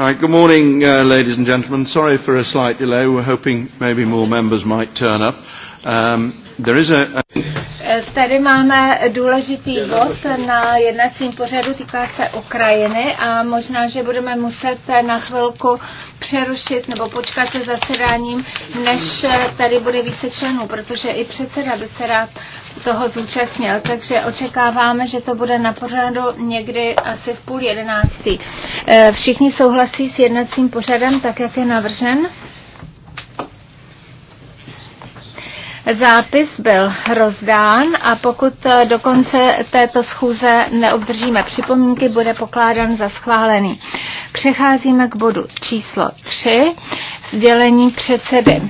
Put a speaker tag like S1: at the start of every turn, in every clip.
S1: Right, good morning, uh, ladies and gentlemen. Sorry for a slight delay. We're hoping maybe more members might turn up. Um, there is a, a...
S2: Eh, tady máme důležitý bod na jednacím pořadu, týká se Ukrajiny a možná, že budeme muset eh, na chvilku přerušit nebo počkat se zasedáním, než eh, tady bude více členů, protože i předseda by se rád uh, toho zúčastnil, takže očekáváme, že to bude na pořadu někdy asi v půl jedenácti. E, všichni souhlasí s jednacím pořadem, tak jak je navržen? Zápis byl rozdán a pokud do konce této schůze neobdržíme připomínky, bude pokládán za schválený. Přecházíme k bodu číslo 3, sdělení předsedy.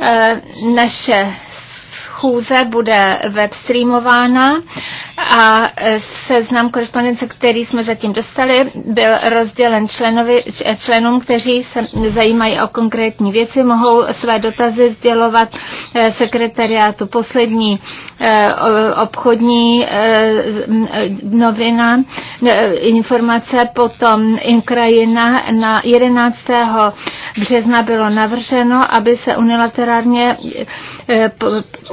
S2: E, naše schůze bude webstreamována a e, seznam korespondence, který jsme zatím dostali, byl rozdělen členovi, členům, kteří se zajímají o konkrétní věci, mohou své dotazy sdělovat e, sekretariátu poslední e, obchodní novina, informace potom Inkrajina na 11. března bylo navrženo, aby se unilaterálně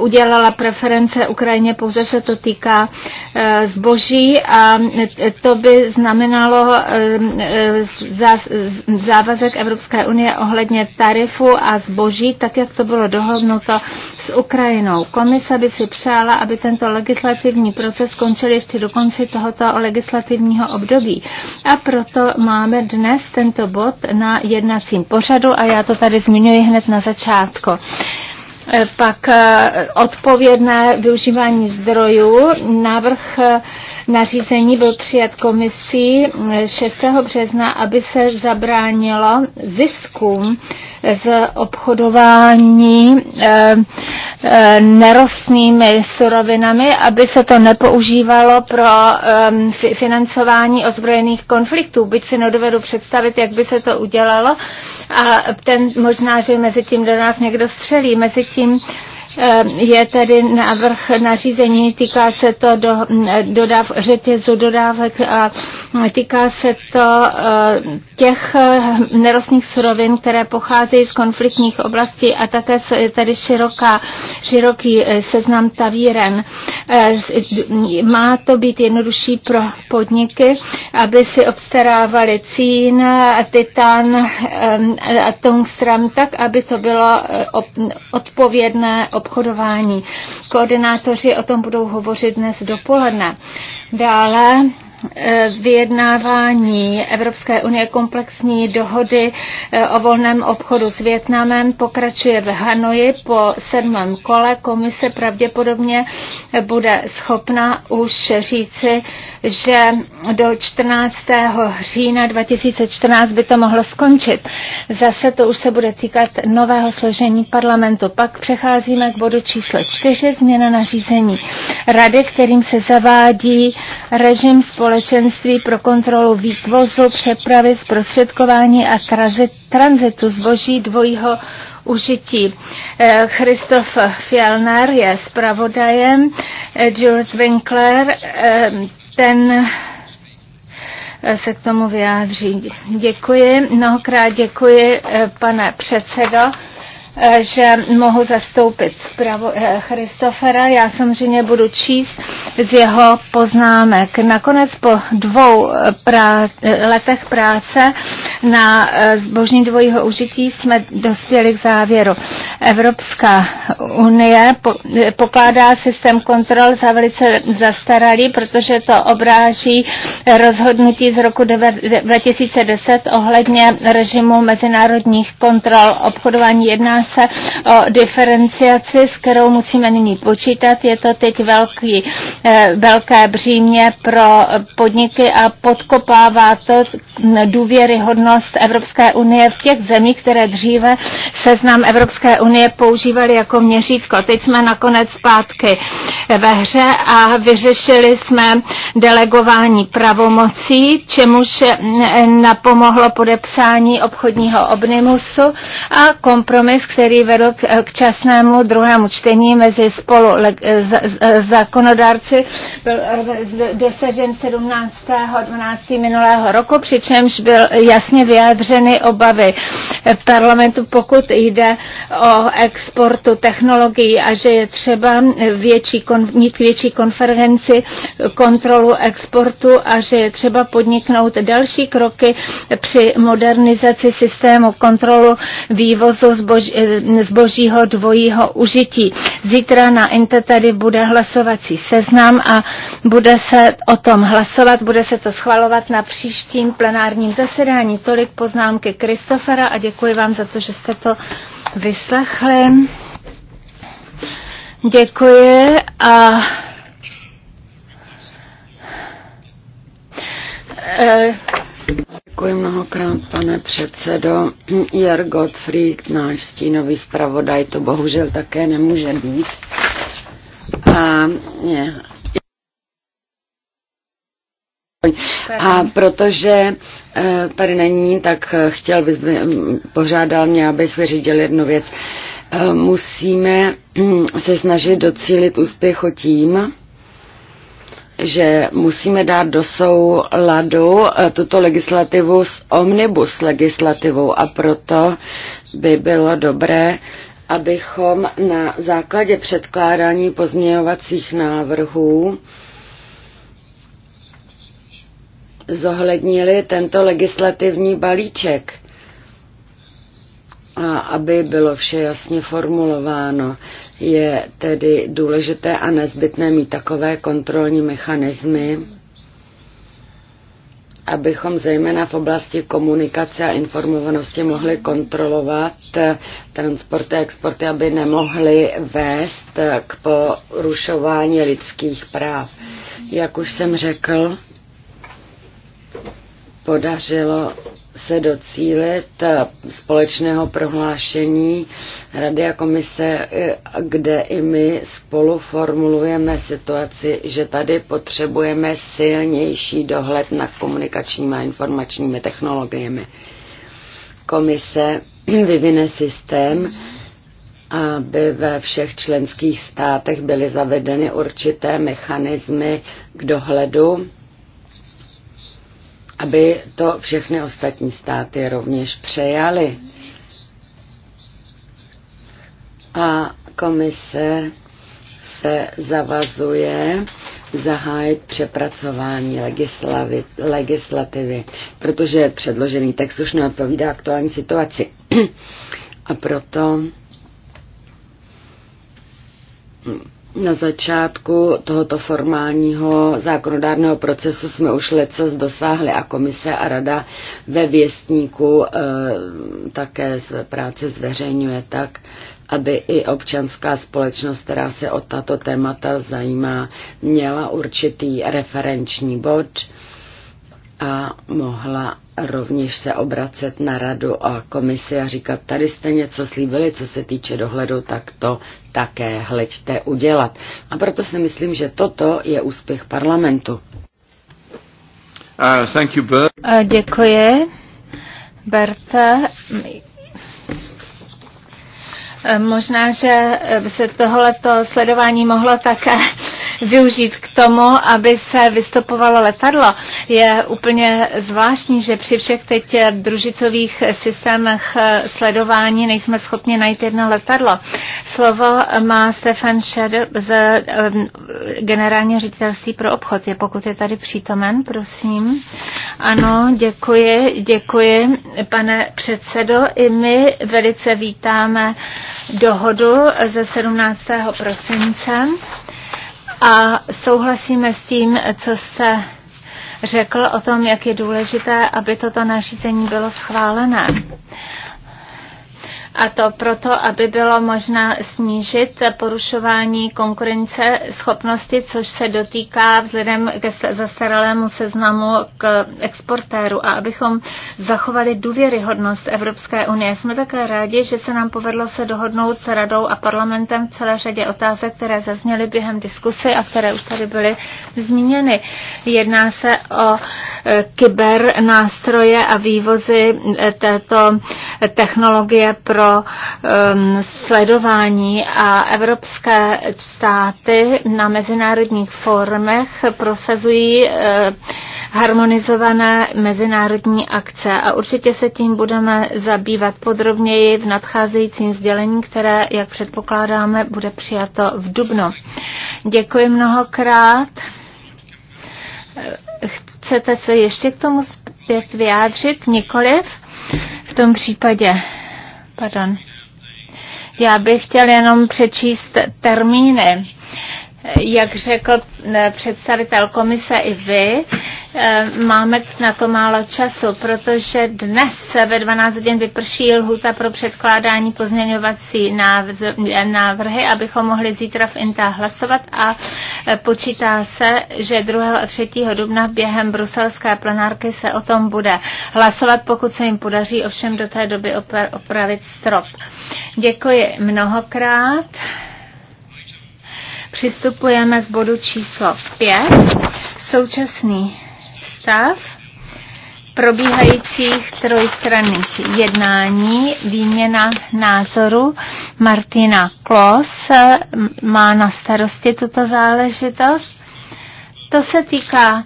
S2: udělal udělala preference Ukrajině, pouze se to týká eh, zboží a to by znamenalo eh, eh, závazek Evropské unie ohledně tarifu a zboží, tak jak to bylo dohodnuto s Ukrajinou. Komise by si přála, aby tento legislativní proces skončil ještě do konce tohoto legislativního období. A proto máme dnes tento bod na jednacím pořadu a já to tady zmiňuji hned na začátku. Eh, pak eh, odpovědné využívání zdrojů. Návrh eh, nařízení byl přijat komisí 6. března, aby se zabránilo ziskům z obchodování eh, eh, nerostnými surovinami, aby se to nepoužívalo pro ehm, financování ozbrojených konfliktů. Byť si nedovedu představit, jak by se to udělalo a ten, možná, že mezi tím do nás někdo střelí. Mezi tím Eh, je tedy návrh nařízení, týká se to do, dodav, řetězu dodávek a týká se to eh, těch eh, nerostných surovin, které pocházejí z konfliktních oblastí a také je tady široká, široký seznam tavíren. Má to být jednodušší pro podniky, aby si obstarávali cín, titan a tungstram tak, aby to bylo odpovědné, obchodování. Koordinátoři o tom budou hovořit dnes dopoledne. Dále Eh, vyjednávání Evropské unie komplexní dohody eh, o volném obchodu s Větnamem pokračuje v Hanoji po sedmém kole. Komise pravděpodobně bude schopna už říci, že do 14. října 2014 by to mohlo skončit. Zase to už se bude týkat nového složení parlamentu. Pak přecházíme k bodu číslo 4, změna nařízení rady, kterým se zavádí režim společnosti společenství pro kontrolu vývozu, přepravy, zprostředkování a tranzitu zboží dvojího užití. Eh, Christoph Fjellner je zpravodajem, Jules eh, Winkler, eh, ten se k tomu vyjádří. Děkuji, mnohokrát děkuji, pane předsedo. Eh, že mohu zastoupit zpravo, eh, Christofera. Já samozřejmě budu číst z jeho poznámek. Nakonec po dvou eh, prá- letech práce na zbožní dvojího užití jsme dospěli k závěru. Evropská unie po- pokládá systém kontrol za velice zastaralý, protože to obráží rozhodnutí z roku 2010 ohledně režimu mezinárodních kontrol obchodování jedná se o diferenciaci, s kterou musíme nyní počítat. Je to teď velký, eh, velké břímě pro podniky a podkopává to důvěryhodnost Evropské unie v těch zemích, které dříve seznam Evropské unie používali jako měřítko. Teď jsme nakonec zpátky ve hře a vyřešili jsme delegování pravomocí, čemuž napomohlo podepsání obchodního obnimusu a kompromis, který vedl k časnému druhému čtení mezi spolu zákonodárci, byl dosažen 17. 12. minulého roku, přičemž byl jasně vyjádřeny obavy v parlamentu, pokud jde o exportu technologií a že je třeba větší, mít větší konferenci kontrolu exportu a že je třeba podniknout další kroky při modernizaci systému kontrolu vývozu zboží, Eh, zbožího dvojího užití. Zítra na INTE tady bude hlasovací seznam a bude se o tom hlasovat, bude se to schvalovat na příštím plenárním zasedání. Tolik poznámky Kristofera a děkuji vám za to, že jste to vyslechli. Děkuji
S3: a uh, Děkuji mnohokrát, pane předsedo. Jar Gottfried, náš stínový zpravodaj, to bohužel také nemůže být. A, je, a protože eh, tady není, tak chtěl bych, požádal mě, abych vyřídil jednu věc. Eh, musíme se snažit docílit úspěchu tím, že musíme dát do souladu eh, tuto legislativu s omnibus legislativou a proto by bylo dobré, abychom na základě předkládání pozměňovacích návrhů zohlednili tento legislativní balíček a aby bylo vše jasně formulováno. Je tedy důležité a nezbytné mít takové kontrolní mechanismy, abychom zejména v oblasti komunikace a informovanosti mohli kontrolovat transporty a exporty, aby nemohly vést k porušování lidských práv. Jak už jsem řekl, podařilo se docílit eh, společného prohlášení Rady a komise, eh, kde i my spolu formulujeme situaci, že tady potřebujeme silnější dohled nad komunikačními a informačními technologiemi. Komise vyvine systém, aby ve všech členských státech byly zavedeny určité mechanismy k dohledu aby to všechny ostatní státy rovněž přejaly. A komise se zavazuje zahájit přepracování legislativy, protože předložený text už neodpovídá aktuální situaci. A proto na začátku tohoto formálního zákonodárného procesu jsme už lecos dosáhli a komise a rada ve věstníku e, také své práce zveřejňuje tak, aby i občanská společnost, která se o tato témata zajímá, měla určitý referenční bod a mohla rovněž se obracet na radu a komisi a říkat, tady jste něco slíbili, co se týče dohledu, tak to také hleďte udělat. A proto si myslím, že toto je úspěch parlamentu.
S1: Uh, thank you, Bert.
S3: Uh, děkuji, Berta.
S2: Eh, možná, že eh, by se tohleto sledování mohlo také eh, využít k tomu, aby se vystupovalo letadlo. Je úplně zvláštní, že při všech teď družicových systémech sledování nejsme schopni najít jedno letadlo. Slovo má Stefan Šer z generálního ředitelství pro obchod. Je, pokud je tady přítomen, prosím. Ano, děkuji, děkuji, pane předsedo. I my velice vítáme uh, dohodu ze 17. prosince a souhlasíme s tím, co se řekl o tom, jak je důležité, aby toto nařízení bylo schválené. A to proto, aby bylo možná snížit porušování konkurence schopnosti, což se dotýká vzhledem ke zastaralému seznamu k exportéru a abychom zachovali důvěryhodnost Evropské unie. Jsme také rádi, že se nám povedlo se dohodnout s radou a parlamentem v celé řadě otázek, které zazněly během diskusy a které už tady byly zmíněny. Jedná se o e, kyber nástroje a vývozy e, této technologie pro pro um, sledování a evropské státy na mezinárodních formech prosazují uh, harmonizované mezinárodní akce a určitě se tím budeme zabývat podrobněji v nadcházejícím sdělení, které, jak předpokládáme, bude přijato v Dubnu. Děkuji mnohokrát. Chcete se ještě k tomu zpět vyjádřit? Nikoliv? V tom případě Pardon. Já bych chtěl jenom přečíst termíny. Jak řekl eh, představitel komise i vy, Eh, máme na to málo času, protože dnes ve 12 hodin vyprší lhuta pro předkládání pozměňovací eh, návrhy, abychom mohli zítra v INTA hlasovat a eh, počítá se, že 2. a 3. dubna během bruselské plenárky se o tom bude hlasovat, pokud se jim podaří ovšem do té doby opravit strop. Děkuji mnohokrát. Přistupujeme k bodu číslo 5. Současný představ probíhajících trojstranných jednání, výměna názoru. Martina Klos má na starosti tuto záležitost. To se týká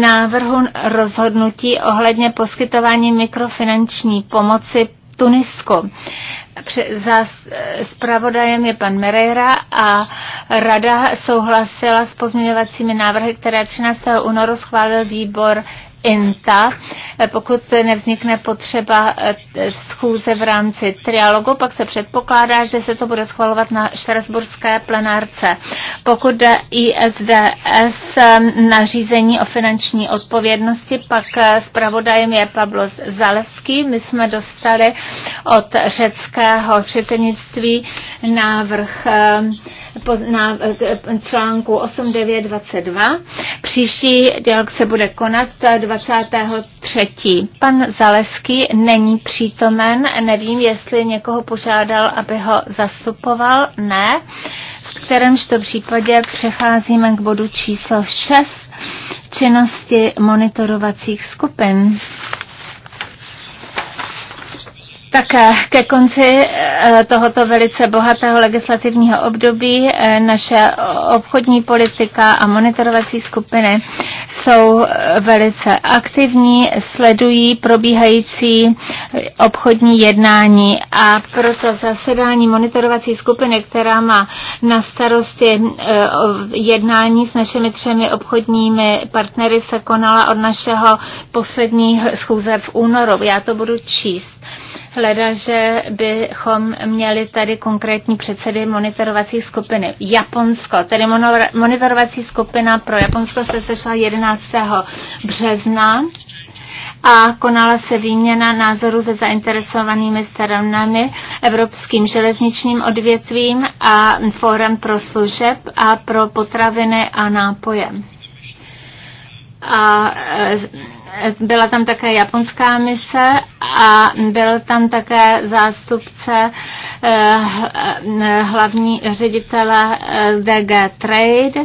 S2: návrhu rozhodnutí ohledně poskytování mikrofinanční pomoci Tunisku. Za Zpravodajem je pan Mereira a rada souhlasila s pozměňovacími návrhy, které 13. únoru schválil výbor INTA. Pokud nevznikne potřeba eh, schůze v rámci trialogu, pak se předpokládá, že se to bude schvalovat na štrasburské plenárce. Pokud jde ISDS eh, nařízení o finanční odpovědnosti, pak eh, zpravodajem je Pablo Zalevský. My jsme dostali od řeckého předsednictví návrh na článku 8922. Příští dialog se bude konat 23. Pan Zaleský není přítomen, nevím, jestli někoho požádal, aby ho zastupoval. Ne. V kterémž to případě přecházíme k bodu číslo 6 činnosti monitorovacích skupin. Tak eh, ke konci eh, tohoto velice bohatého legislativního období eh, naše obchodní politika a monitorovací skupiny jsou velice aktivní, sledují probíhající obchodní jednání a proto zasedání monitorovací skupiny, která má na starosti jednání s našimi třemi obchodními partnery, se konala od našeho poslední schůze v únoru. Já to budu číst hleda, že bychom měli tady konkrétní předsedy monitorovací skupiny. Japonsko, tedy monitorovací skupina pro Japonsko se sešla 11. března a konala se výměna názorů se zainteresovanými stranami, Evropským železničním odvětvím a Fórem pro služeb a pro potraviny a nápoje. A e, byla tam také japonská mise a byl tam také zástupce eh, eh, hlavní ředitele eh, DG Trade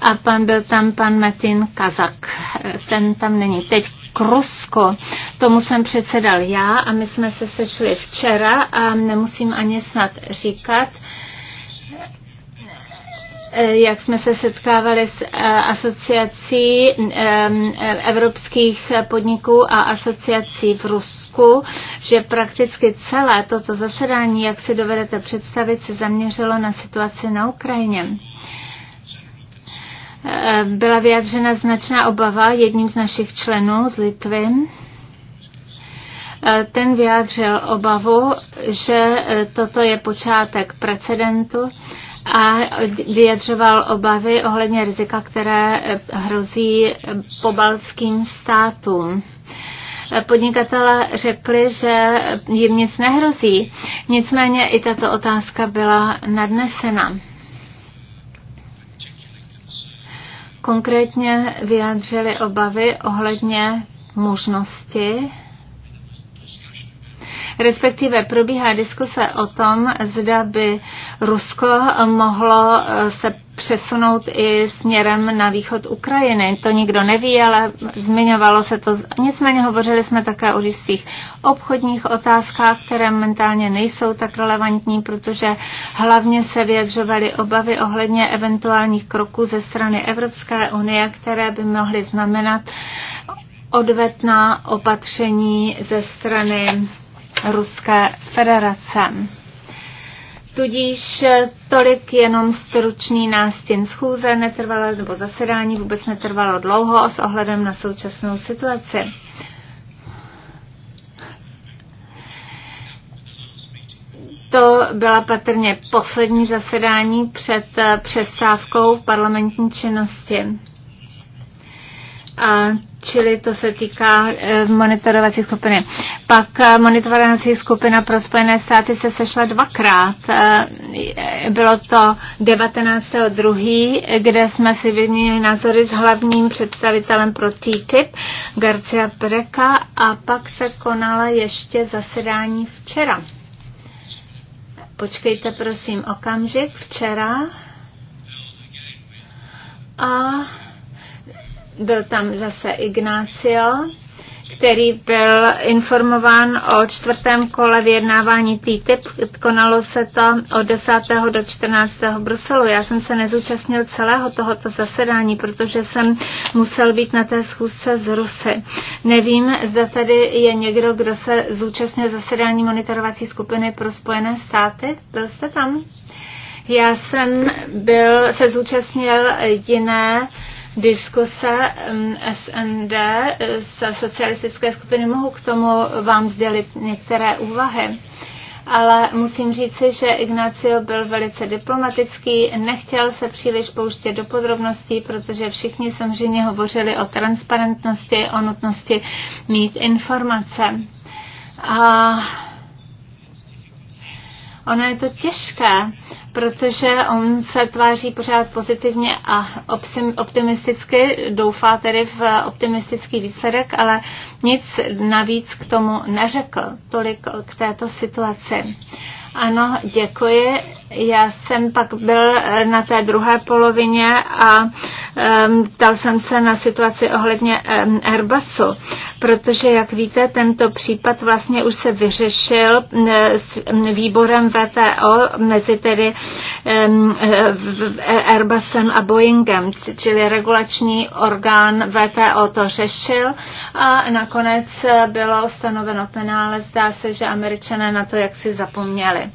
S2: a pan, byl tam pan Metin Kazak. Ten tam není. Teď k Rusku. Tomu jsem předsedal já a my jsme se sešli včera a nemusím ani snad říkat, jak jsme se setkávali s asociací evropských podniků a asociací v Rusku trošku, že prakticky celé toto zasedání, jak si dovedete představit, se zaměřilo na situaci na Ukrajině eh, byla vyjádřena značná obava jedním z našich členů z Litvy. Eh, ten vyjádřil obavu, že eh, toto je počátek precedentu a vyjadřoval obavy ohledně rizika, které hrozí pobaltským státům podnikatele řekli, že jim nic nehrozí. Nicméně i tato otázka byla nadnesena. Konkrétně vyjádřili obavy ohledně možnosti respektive probíhá diskuse o tom, zda by Rusko mohlo se přesunout i směrem na východ Ukrajiny. To nikdo neví, ale zmiňovalo se to. Nicméně hovořili jsme také o jistých obchodních otázkách, které mentálně nejsou tak relevantní, protože hlavně se vyjadřovaly obavy ohledně eventuálních kroků ze strany Evropské unie, které by mohly znamenat odvetná opatření ze strany Ruské federace. Tudíž eh, tolik jenom stručný nástěn schůze netrvalo, nebo zasedání vůbec netrvalo dlouho s ohledem na současnou situaci. To byla patrně poslední zasedání před eh, přestávkou parlamentní činnosti a čili to se týká eh, monitorovací skupiny. Pak eh, monitorovací skupina pro Spojené státy se sešla dvakrát. Eh, bylo to 19.2., kde jsme si vyměnili názory s hlavním představitelem pro TTIP, Garcia Pereka, a pak se konala ještě zasedání včera. Počkejte prosím okamžik, včera. A byl tam zase Ignácio, který byl informován o čtvrtém kole vyjednávání TTIP. Konalo se to od 10. do 14. Bruselu. Já jsem se nezúčastnil celého tohoto zasedání, protože jsem musel být na té schůzce z Rusy. Nevím, zda tady je někdo, kdo se zúčastnil zasedání monitorovací skupiny pro Spojené státy. Byl jste tam? Já jsem byl, se zúčastnil jiné diskuse SND se eh, socialistické skupiny. Mohu k tomu vám sdělit některé úvahy ale musím říci, že Ignacio byl velice diplomatický, nechtěl se příliš pouštět do podrobností, protože všichni samozřejmě hovořili o transparentnosti, o nutnosti mít informace. A ono je to těžké, protože on se tváří pořád pozitivně a optimisticky, doufá tedy v optimistický výsledek, ale nic navíc k tomu neřekl. Tolik k této situaci. Ano, děkuji. Já jsem pak byl eh, na té druhé polovině a um, ptal jsem se na situaci ohledně um, Airbusu, protože, jak víte, tento případ vlastně už se vyřešil eh, s výborem VTO mezi tedy um, Airbusem a Boeingem, čili regulační orgán VTO to řešil a nakonec bylo stanoveno penále. Zdá se, že američané na to jaksi zapomněli. Uh,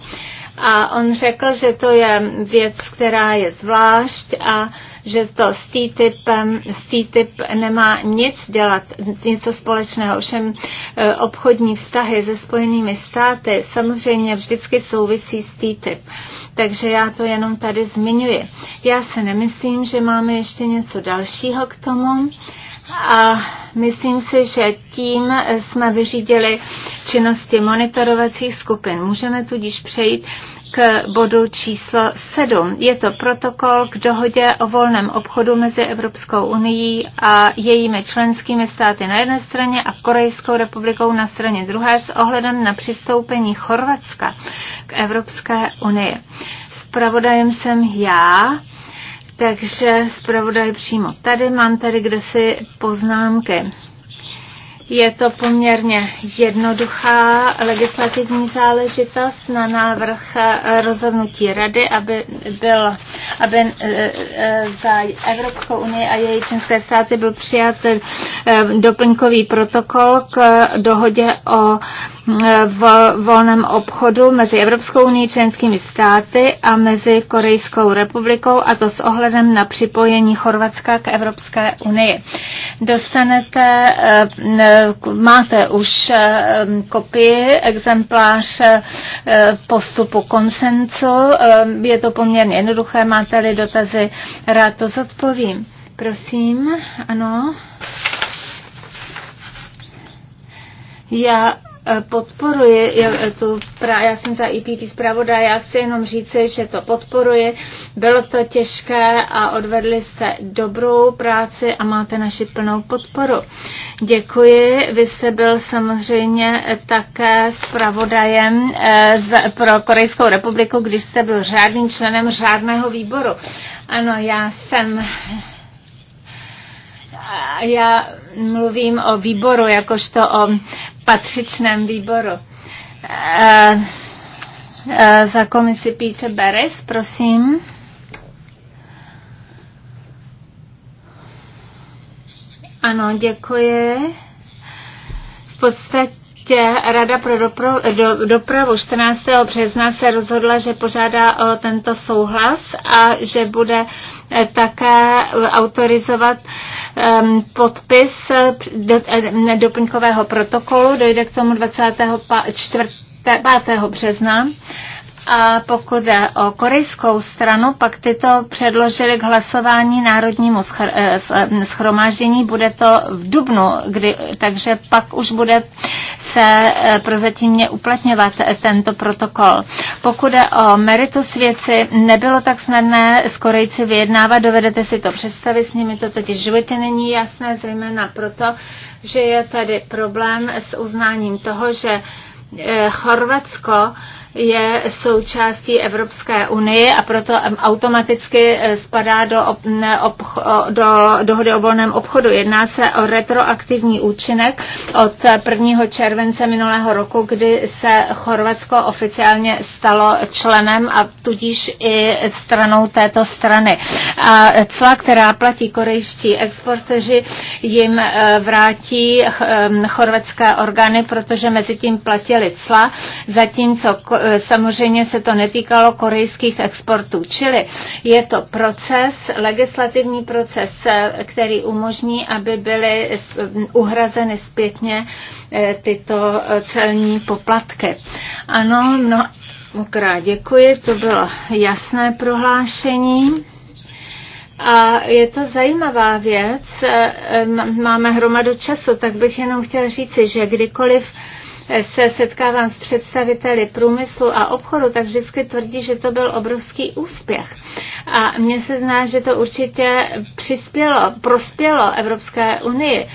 S2: a on řekl, že to je věc, která je zvlášť a že to s TTIPem, s TTIP nemá nic dělat, něco společného. Všem e, obchodní vztahy se Spojenými státy samozřejmě vždycky souvisí s TTIP. Takže já to jenom tady zmiňuji. Já se nemyslím, že máme ještě něco dalšího k tomu a myslím si, že tím jsme vyřídili činnosti monitorovacích skupin. Můžeme tudíž přejít k bodu číslo 7. Je to protokol k dohodě o volném obchodu mezi Evropskou unii a jejími členskými státy na jedné straně a Korejskou republikou na straně druhé s ohledem na přistoupení Chorvatska k Evropské unii. Spravodajem jsem já takže zpravodaj přímo tady, mám tady kdesi poznámky. Je to poměrně jednoduchá legislativní záležitost na návrh rozhodnutí Rady, aby, byl, aby eh, eh, za Evropskou unii a její členské státy byl přijat eh, doplňkový protokol k dohodě o v volném obchodu mezi Evropskou unii, členskými státy a mezi Korejskou republikou a to s ohledem na připojení Chorvatska k Evropské unii. Dostanete, eh, máte už eh, kopii, exemplář eh, postupu konsenzu. Je to poměrně jednoduché, máte-li dotazy, rád to zodpovím. Prosím, ano. Já podporuje tu, já jsem za IPP e zpravodaj, já chci jenom říci, že to podporuje. Bylo to těžké a odvedli jste dobrou práci a máte naši plnou podporu. Děkuji. Vy jste byl samozřejmě také zpravodajem eh, pro Korejskou republiku, když jste byl řádným členem řádného výboru. Ano, já jsem já mluvím o výboru, jakožto o patřičném výboru. Eh, eh, za komisi Píče Beres, prosím. Ano, děkuji. V podstatě místě Rada pro dopravu, do, dopravu 14. března se rozhodla, že požádá o tento souhlas a že bude eh, také autorizovat um, podpis do, eh, doplňkového protokolu. Dojde k tomu 24. 5. března a pokud je o korejskou stranu, pak tyto předložili k hlasování Národnímu schromáždění. Eh, eh, bude to v Dubnu, kdy, takže pak už bude se eh, prozatímně uplatňovat tento protokol. Pokud je o meritus věci, nebylo tak snadné s Korejci vyjednávat, dovedete si to představit, s nimi to totiž životě není jasné, zejména proto, že je tady problém s uznáním toho, že Chorvatsko je součástí Evropské unie a proto automaticky eh, spadá do, do dohody o volném obchodu. Jedná se o retroaktivní účinek od 1. července minulého roku, kdy se Chorvatsko oficiálně stalo členem a tudíž i stranou této strany. A cla, která platí korejští exporteři, jim eh, vrátí eh, chorvatské orgány, protože mezi tím platili cla, zatímco Eh, samozřejmě se to netýkalo korejských exportů. Čili je to proces, legislativní proces, eh, který umožní, aby byly uhrazeny zpětně eh, tyto celní poplatky. Ano, mnohokrát děkuji, to bylo jasné prohlášení. A je to zajímavá věc, máme hromadu času, tak bych jenom chtěla říci, že kdykoliv se setkávám s představiteli průmyslu a obchodu, tak vždycky tvrdí, že to byl obrovský úspěch. A mně se zná, že to určitě přispělo, prospělo Evropské unii,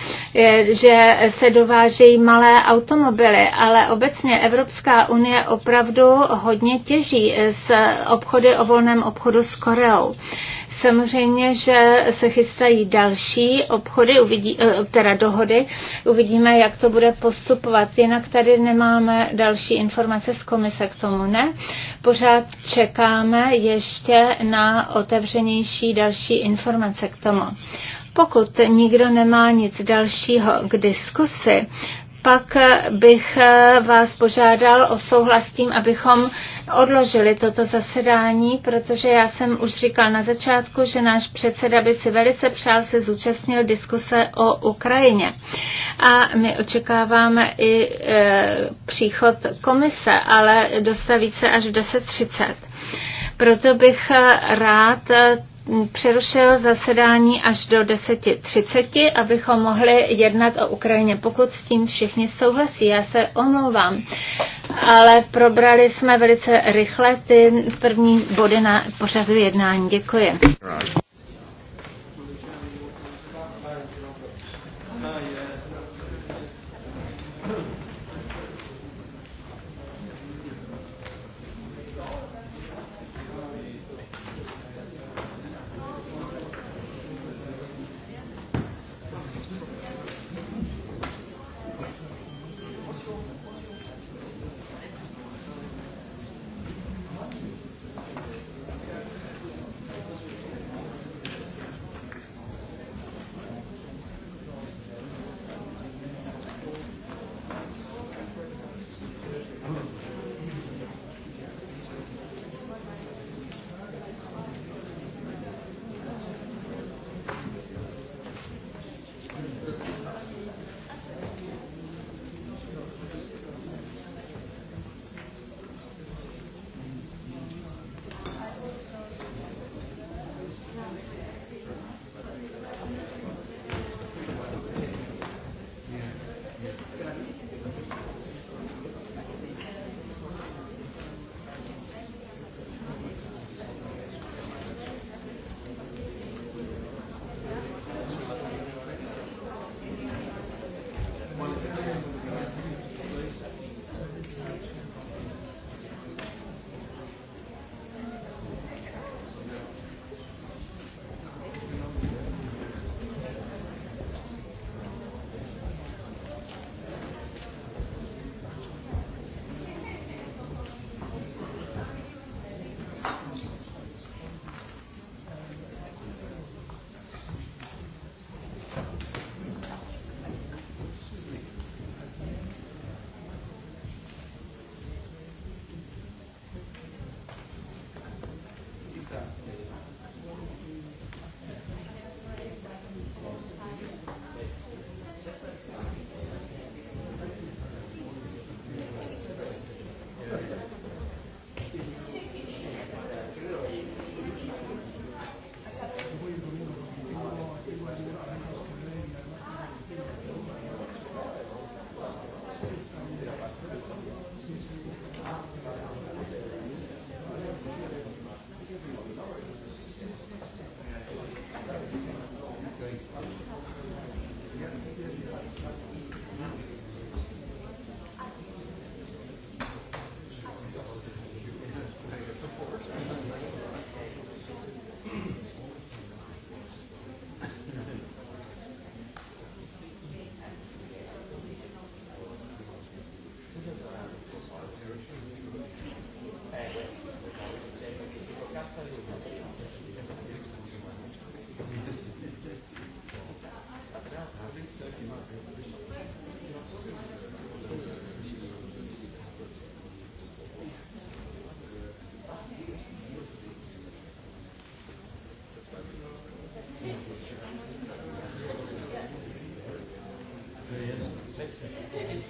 S2: že se dovážejí malé automobily, ale obecně Evropská unie opravdu hodně těží z obchody o volném obchodu s Koreou. Samozřejmě, že se chystají další obchody, uvidí, eh, teda dohody. Uvidíme, jak to bude postupovat. Jinak tady nemáme další informace z komise k tomu, ne? Pořád čekáme ještě na otevřenější další informace k tomu. Pokud nikdo nemá nic dalšího k diskusi, pak eh, bych eh, vás požádal o souhlas tím, abychom odložili toto zasedání, protože já jsem už říkal na začátku, že náš předseda by si velice přál se zúčastnil diskuse o Ukrajině. A my očekáváme i e, příchod komise, ale dostaví se až v 10.30. Proto bych rád přerušil zasedání až do 10.30, abychom mohli jednat o Ukrajině, pokud s tím všichni souhlasí. Já se omlouvám, ale probrali jsme velice rychle ty první body na pořadu jednání. Děkuji.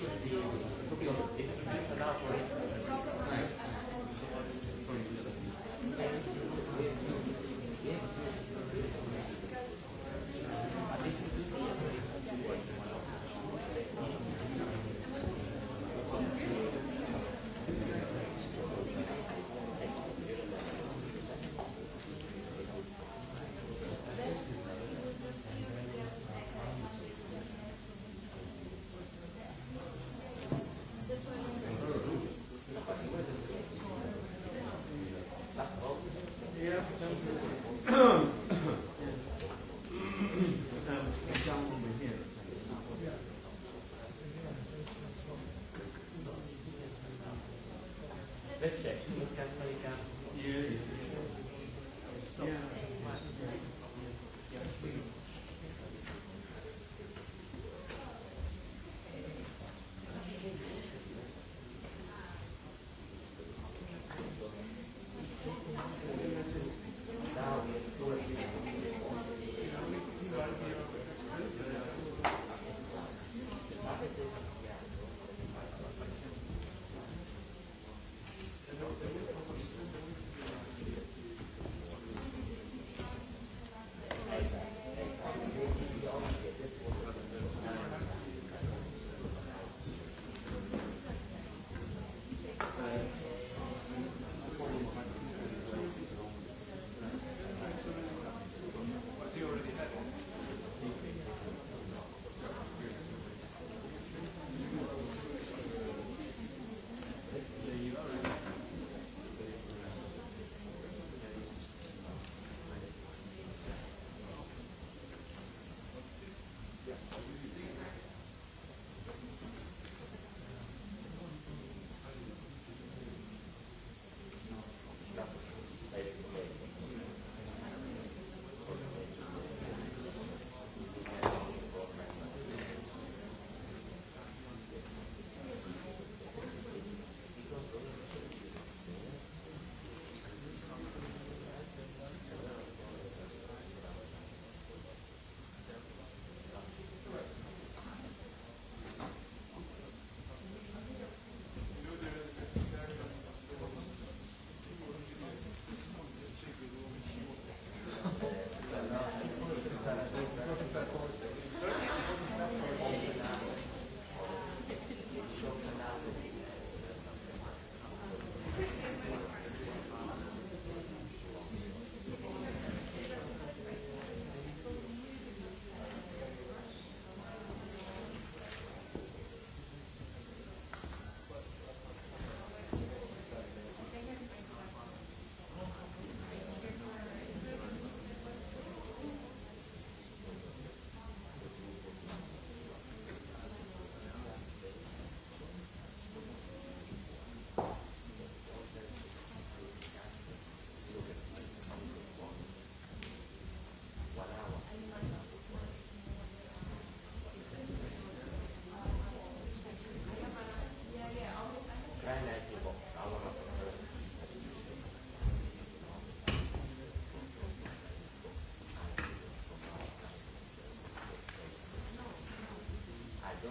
S1: Thank you.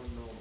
S1: don't know no.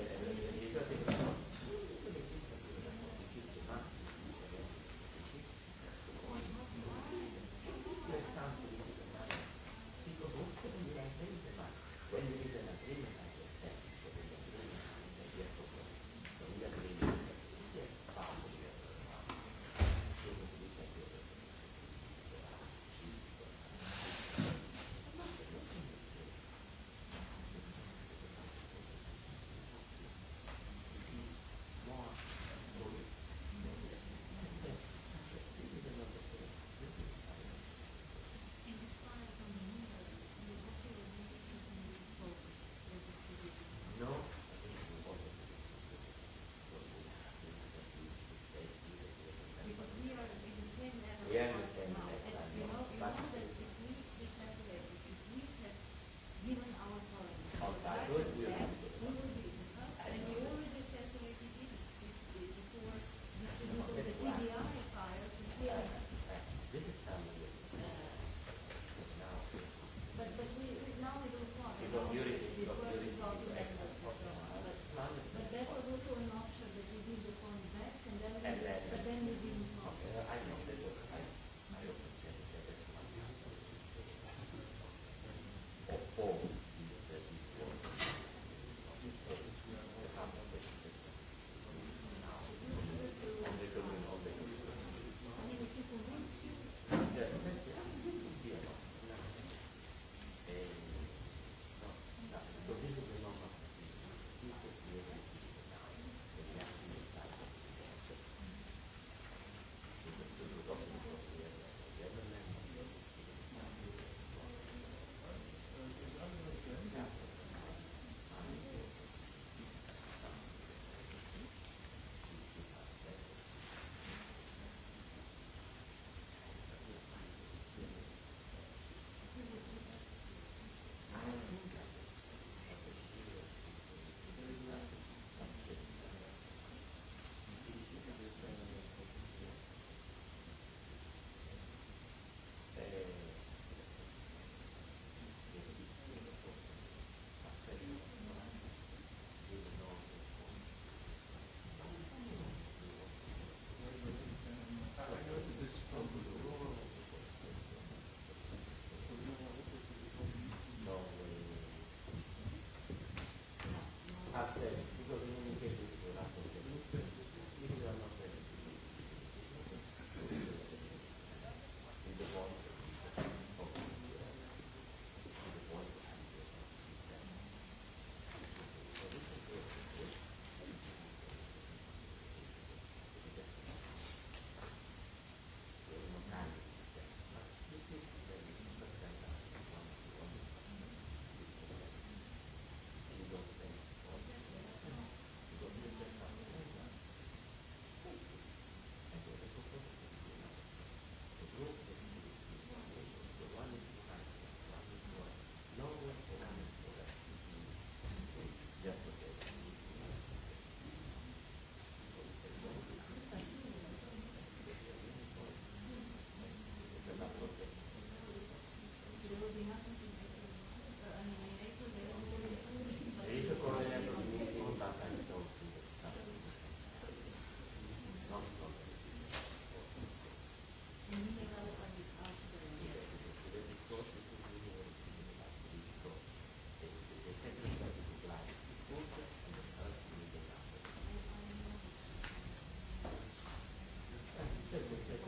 S1: Děkuji.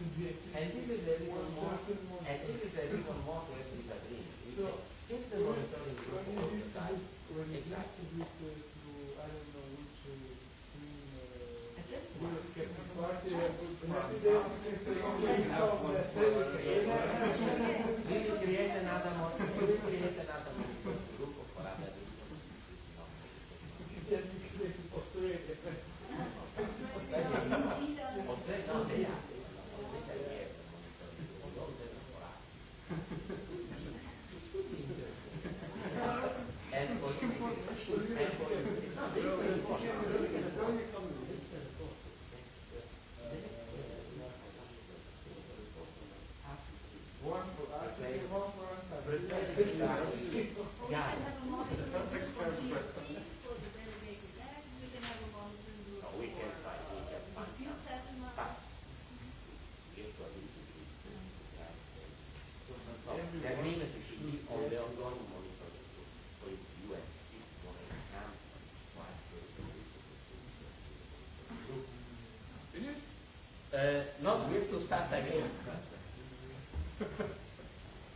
S1: 50 üzeri one more 50 üzeri one more Uh, not with to start again.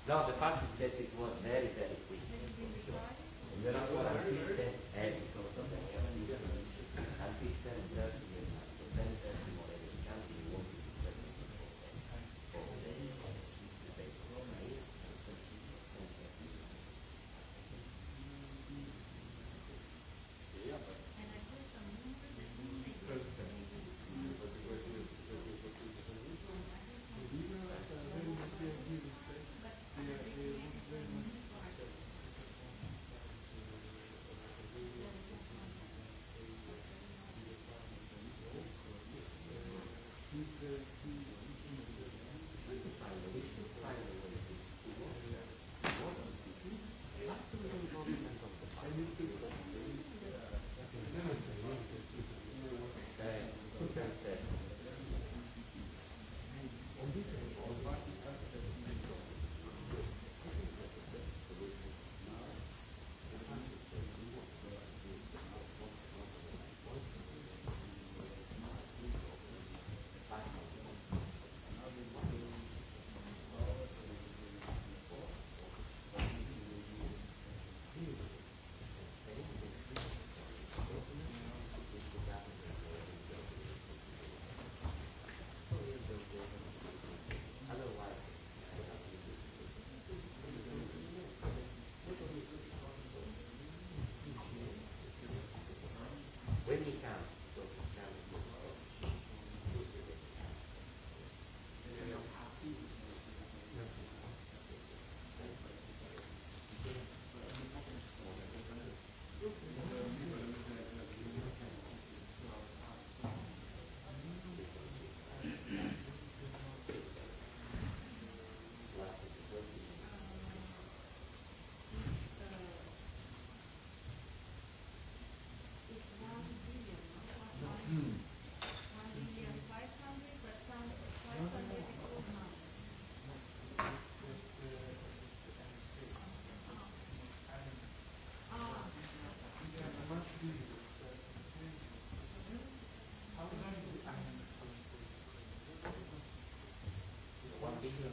S1: No, the fact is that it was very, very quick. Therefore, I think that Děkujeme.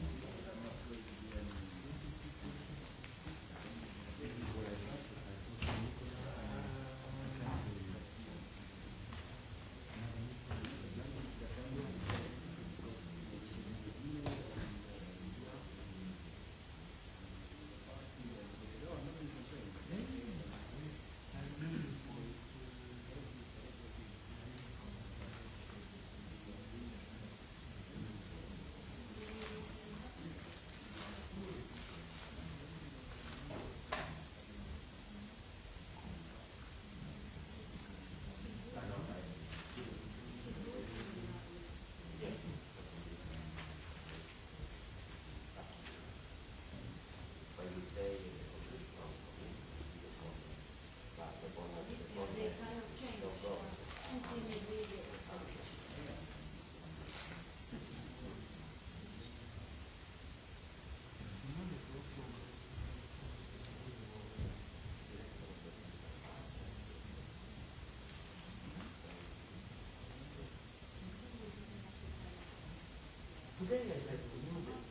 S1: zřejmě, tak to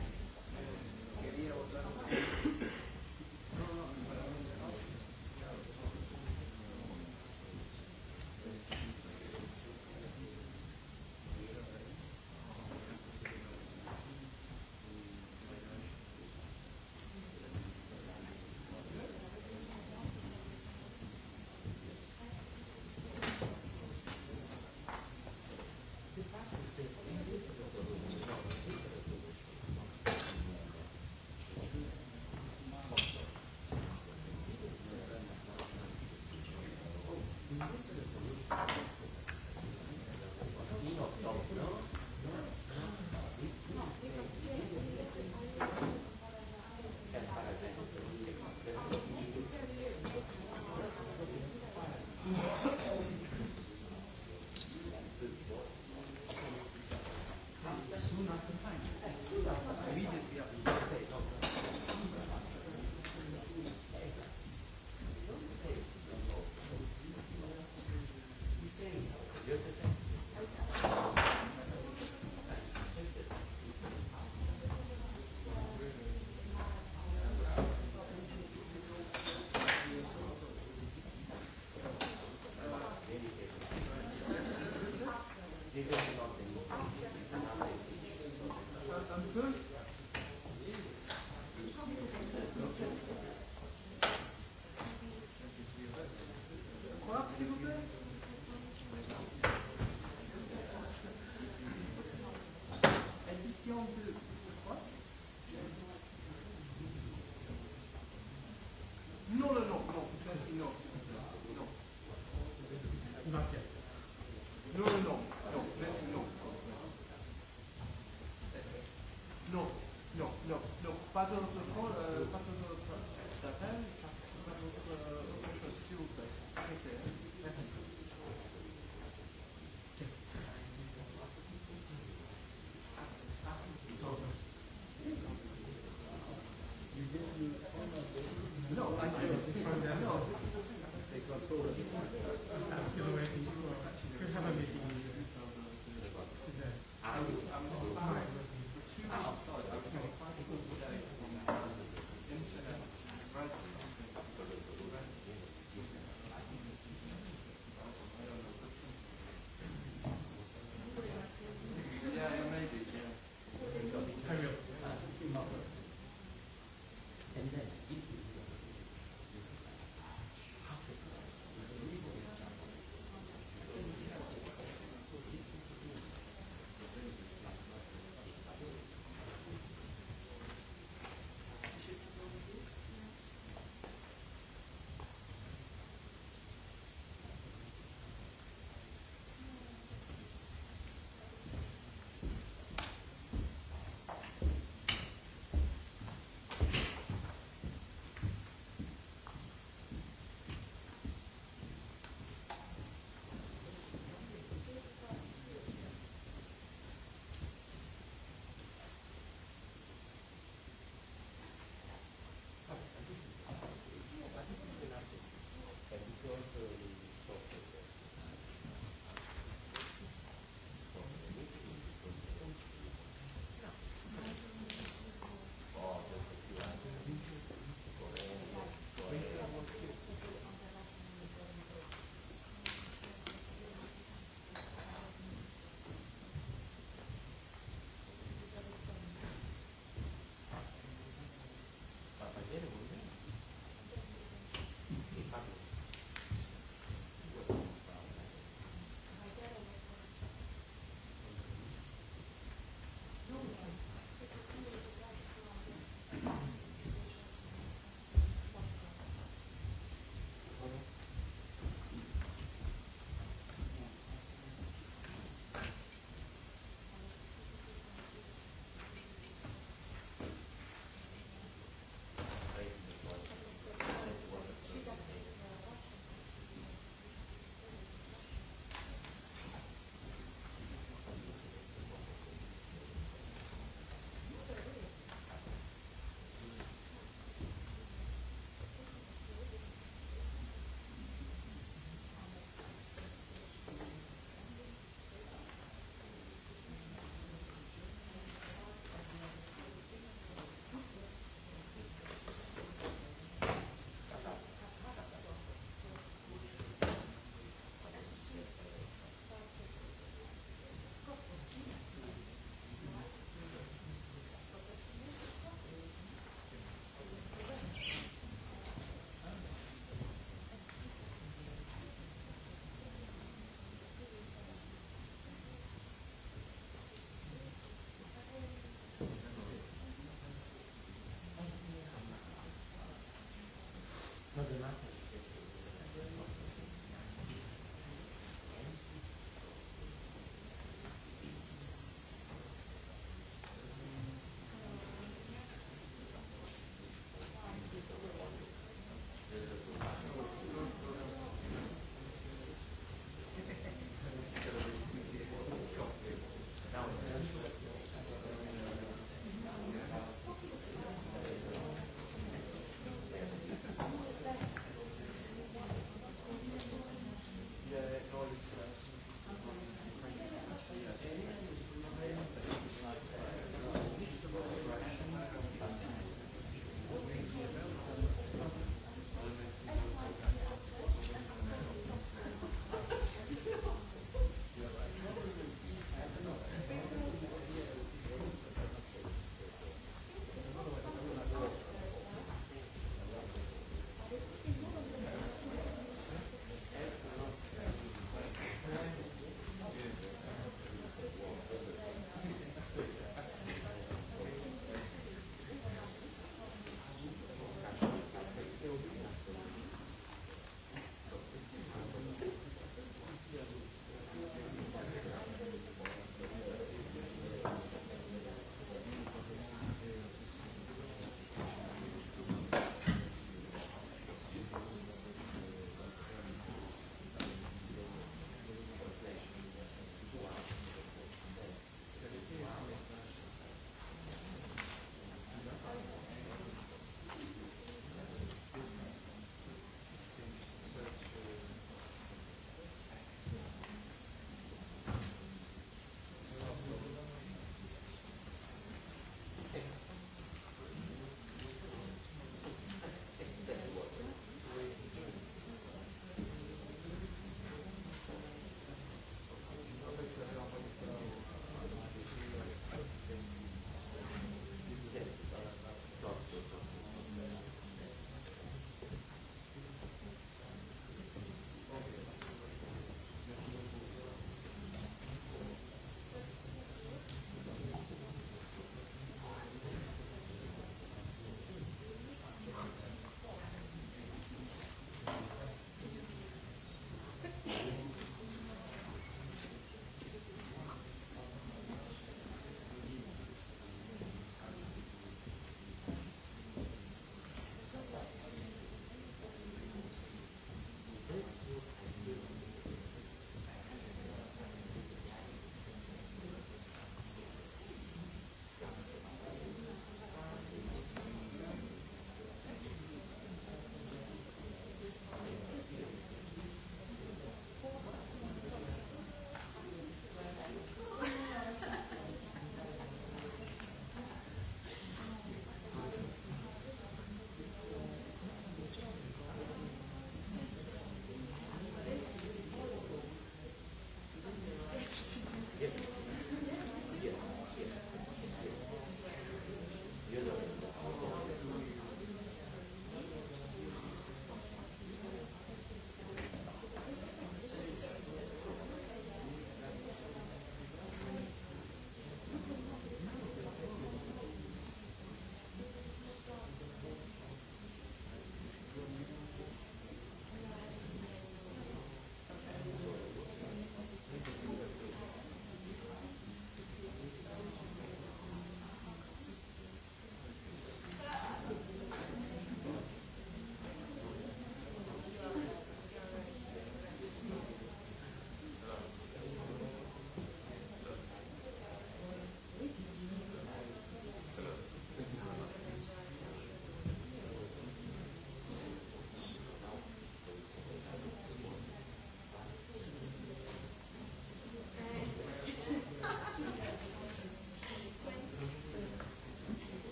S1: Addition de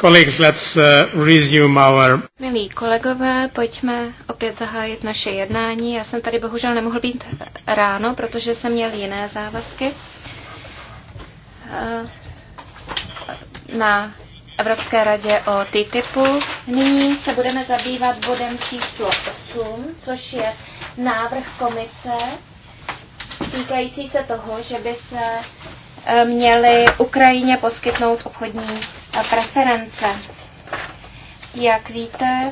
S1: Colleagues, let's uh, resume our...
S4: Milí kolegové, pojďme opět zahájit naše jednání. Já jsem tady bohužel nemohl být ráno, protože jsem měl jiné závazky eh, na Evropské radě o TTIPu. Nyní se budeme zabývat bodem číslo 8, což je návrh komise týkající se toho, že by se eh, měly Ukrajině poskytnout obchodní preference. Jak víte,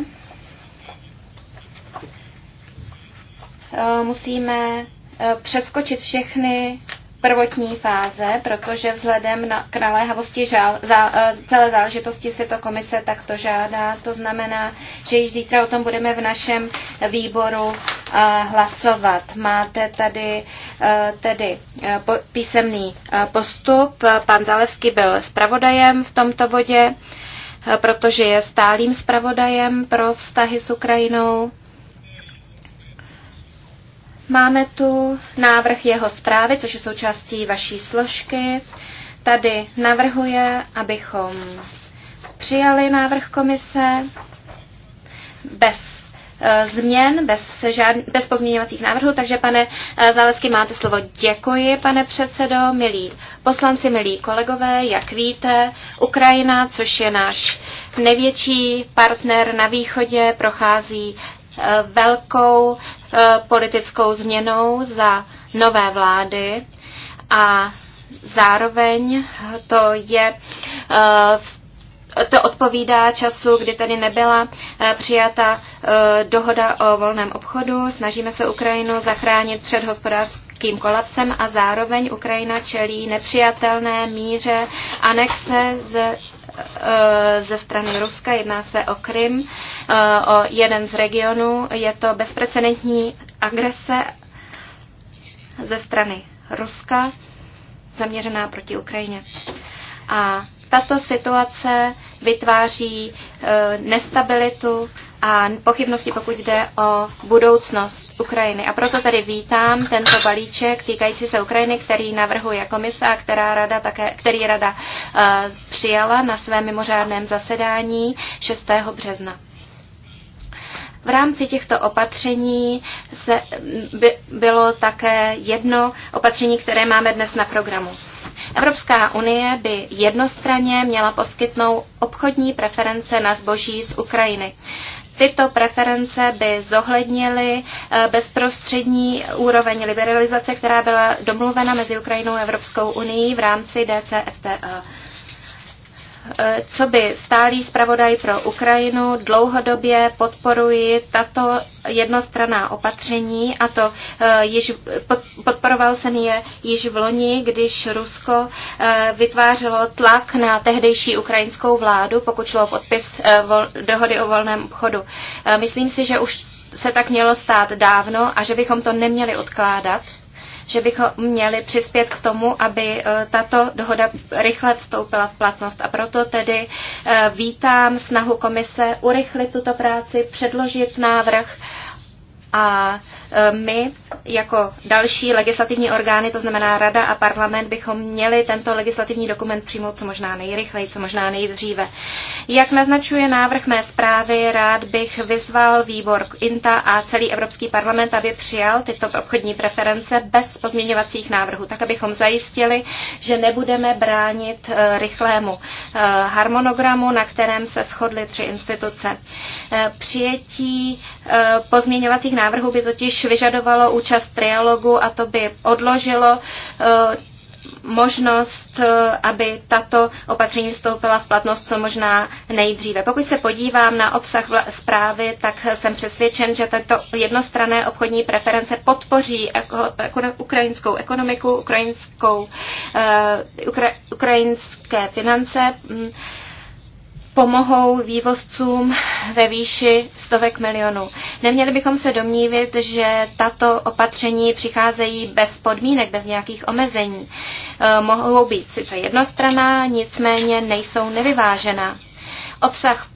S4: eh, musíme eh, přeskočit všechny prvotní fáze, protože vzhledem na, k naléhavosti žál, zá, eh, celé záležitosti si to komise takto žádá. To znamená, že již zítra o tom budeme v našem výboru eh, hlasovat. Máte tady eh, tedy písemný postup. Pan Zalevský byl zpravodajem v tomto bodě, protože je stálým zpravodajem pro vztahy s Ukrajinou. Máme tu návrh jeho zprávy, což je součástí vaší složky. Tady navrhuje, abychom přijali návrh komise bez e, změn, bez, žádn, bez pozměňovacích návrhů. Takže, pane e, Zálezky, máte slovo. Děkuji, pane předsedo, milí poslanci, milí kolegové. Jak víte, Ukrajina, což je náš největší partner na východě, prochází Eh, velkou eh, politickou změnou za nové vlády a zároveň to je eh, to odpovídá času, kdy tady nebyla přijata dohoda o volném obchodu. Snažíme se Ukrajinu zachránit před hospodářským kolapsem a zároveň Ukrajina čelí nepřijatelné míře anexe ze Eh, ze strany Ruska, jedná se o Krym, eh, o jeden z regionů. Je to bezprecedentní agrese ze strany Ruska zaměřená proti Ukrajině. A tato situace vytváří eh, nestabilitu, a pochybnosti, pokud jde o budoucnost Ukrajiny. A proto tedy vítám tento balíček týkající se Ukrajiny, který navrhuje komise a která rada také, který rada uh, přijala na svém mimořádném zasedání 6. března. V rámci těchto opatření se, mm, by, bylo také jedno opatření, které máme dnes na programu. Evropská unie by jednostranně měla poskytnout obchodní preference na zboží z Ukrajiny. Uh, Tyto preference by zohlednily eh, bezprostřední úroveň liberalizace, která byla domluvena mezi Ukrajinou a Evropskou unii v rámci DCFTA. E, co by stálý zpravodaj pro Ukrajinu dlouhodobě podporuji tato jednostraná opatření a to e, již podporoval jsem je již v loni, když Rusko e, vytvářelo tlak na tehdejší ukrajinskou vládu, pokud šlo o podpis dohody o volném obchodu. Myslím si, že už se tak mělo stát dávno a že bychom to neměli odkládat že bychom měli přispět k tomu, aby eh, tato dohoda rychle vstoupila v platnost. A proto tedy eh, vítám snahu komise urychlit tuto práci, předložit návrh a Eh, my jako další legislativní orgány, to znamená Rada a parlament, bychom měli tento legislativní dokument přijmout co možná nejrychleji, co možná nejdříve. Jak naznačuje návrh mé zprávy, rád bych vyzval výbor INTA a celý Evropský parlament, aby přijal tyto obchodní preference bez pozměňovacích návrhů, tak abychom zajistili, že nebudeme bránit eh, rychlému eh, harmonogramu, na kterém se shodly tři instituce. Přijetí pozměňovacích návrhů by totiž již vyžadovalo účast trialogu a to by odložilo eh, možnost, eh, aby tato opatření vstoupila v platnost co možná nejdříve. Pokud se podívám na obsah zprávy, tak jsem přesvědčen, že tato jednostrané obchodní preference podpoří ukrajinskou ekonomiku, ukrajinskou, eh, ukra, ukrajinské finance. Um, pomohou vývozcům ve výši stovek milionů. Neměli bychom se domnívit, že tato opatření přicházejí bez podmínek, bez nějakých omezení. E, mohou být sice jednostraná, nicméně nejsou nevyvážená. Obsah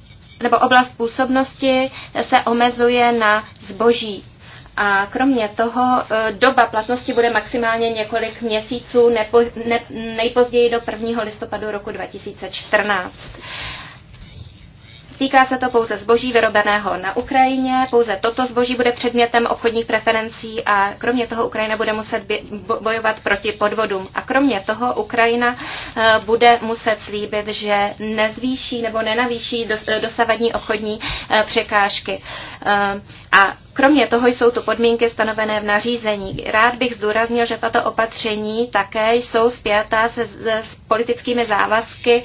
S4: nebo oblast působnosti se omezuje na zboží. A kromě toho e, doba platnosti bude maximálně několik měsíců, nepo, ne, nejpozději do 1. listopadu roku 2014. Týká se to pouze zboží vyrobeného na Ukrajině, pouze toto zboží bude předmětem obchodních preferencí a kromě toho Ukrajina bude muset bojovat proti podvodům. A kromě toho Ukrajina eh, bude muset slíbit, že nezvýší nebo nenavýší eh, dosavadní obchodní eh, překážky. A kromě toho jsou tu podmínky stanovené v nařízení. Rád bych zdůraznil, že tato opatření také jsou spjatá se, s politickými závazky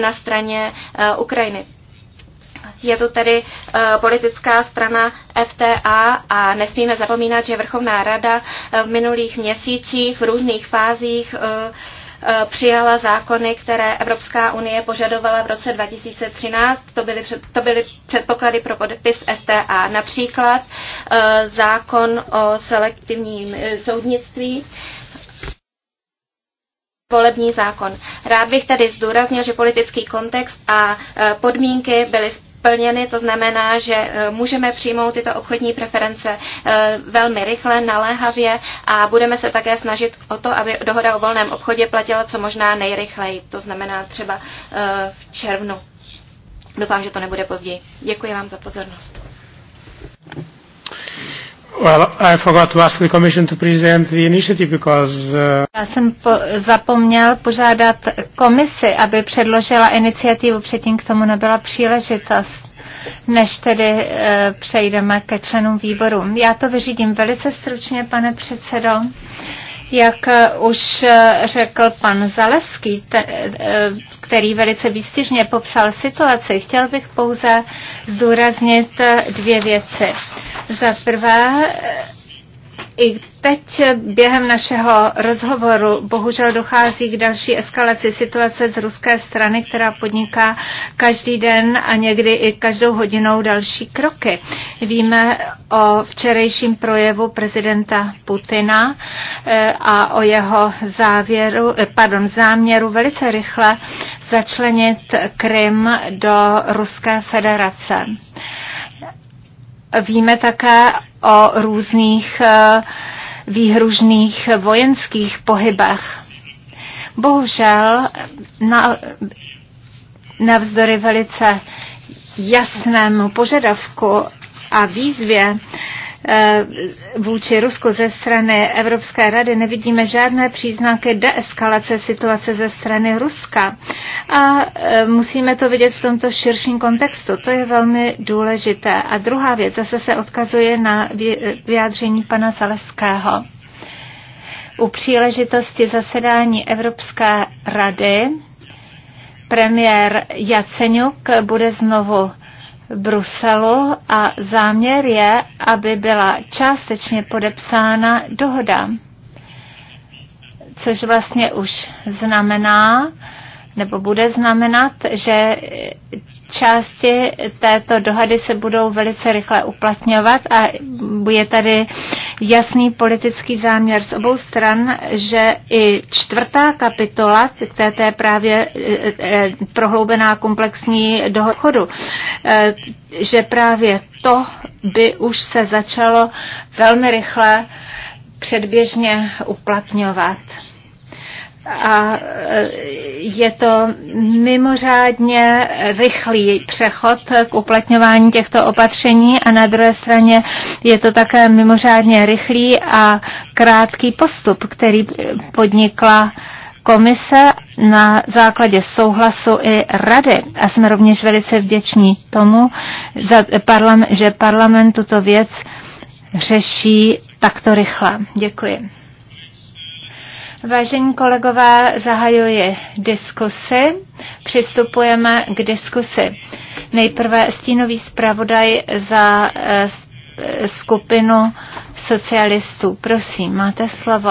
S4: na straně Ukrajiny. Je to tedy eh, politická strana FTA a nesmíme zapomínat, že Vrchovná rada eh, v minulých měsících v různých fázích eh, přijala zákony, které Evropská unie požadovala v roce 2013. To byly, před, to byly předpoklady pro podpis FTA. Například zákon o selektivním soudnictví, volební zákon. Rád bych tedy zdůraznil, že politický kontext a podmínky byly splněny, to znamená, že e, můžeme přijmout tyto obchodní preference e, velmi rychle, naléhavě a budeme se také snažit o to, aby dohoda o volném obchodě platila co možná nejrychleji, to znamená třeba e, v červnu. Doufám, že to nebude později. Děkuji vám za pozornost.
S1: Well, I forgot to ask the commission to present the initiative because... Uh...
S2: Já jsem po zapomněl požádat komisi, aby předložila iniciativu, předtím k tomu nebyla příležitost než tedy e, přejdeme ke členům výboru. Já to vyřídím velice stručně, pane předsedo. Jak eh, už eh, řekl pan Zaleský, eh, který velice výstižně popsal situaci, chtěl bych pouze zdůraznit dvě věci. Za prvé, i teď během našeho rozhovoru bohužel dochází k další eskalaci situace z ruské strany, která podniká každý den a někdy i každou hodinou další kroky. Víme o včerejším projevu prezidenta Putina eh, a o jeho závěru, eh, pardon, záměru velice rychle začlenit Krym do Ruské federace. Víme také o různých eh, výhružných vojenských pohybech. Bohužel na, navzdory velice jasnému požadavku a výzvě Eh, vůči Rusku ze strany Evropské rady nevidíme žádné příznaky deeskalace situace ze strany Ruska. A eh, musíme to vidět v tomto širším kontextu. To je velmi důležité. A druhá věc, zase se odkazuje na vyjádření pana Zaleského. U příležitosti zasedání Evropské rady premiér Jaceňuk bude znovu Bruselu a záměr je, aby byla částečně podepsána dohoda, což vlastně už znamená, nebo bude znamenat, že části této dohady se budou velice rychle uplatňovat a je tady jasný politický záměr z obou stran, že i čtvrtá kapitola, která je právě e, e, prohloubená komplexní dohodu, e, že právě to by už se začalo velmi rychle předběžně uplatňovat a eh, je to mimořádně rychlý přechod k uplatňování těchto opatření a na druhé straně je to také mimořádně rychlý a krátký postup, který podnikla komise na základě souhlasu i rady. A jsme rovněž velice vděční tomu, že parlament tuto věc řeší takto rychle. Děkuji. Vážení kolegové, zahajuji diskusy. Přistupujeme k diskusi. Nejprve stínový zpravodaj za eh, skupinu socialistů.
S3: Prosím, máte slovo.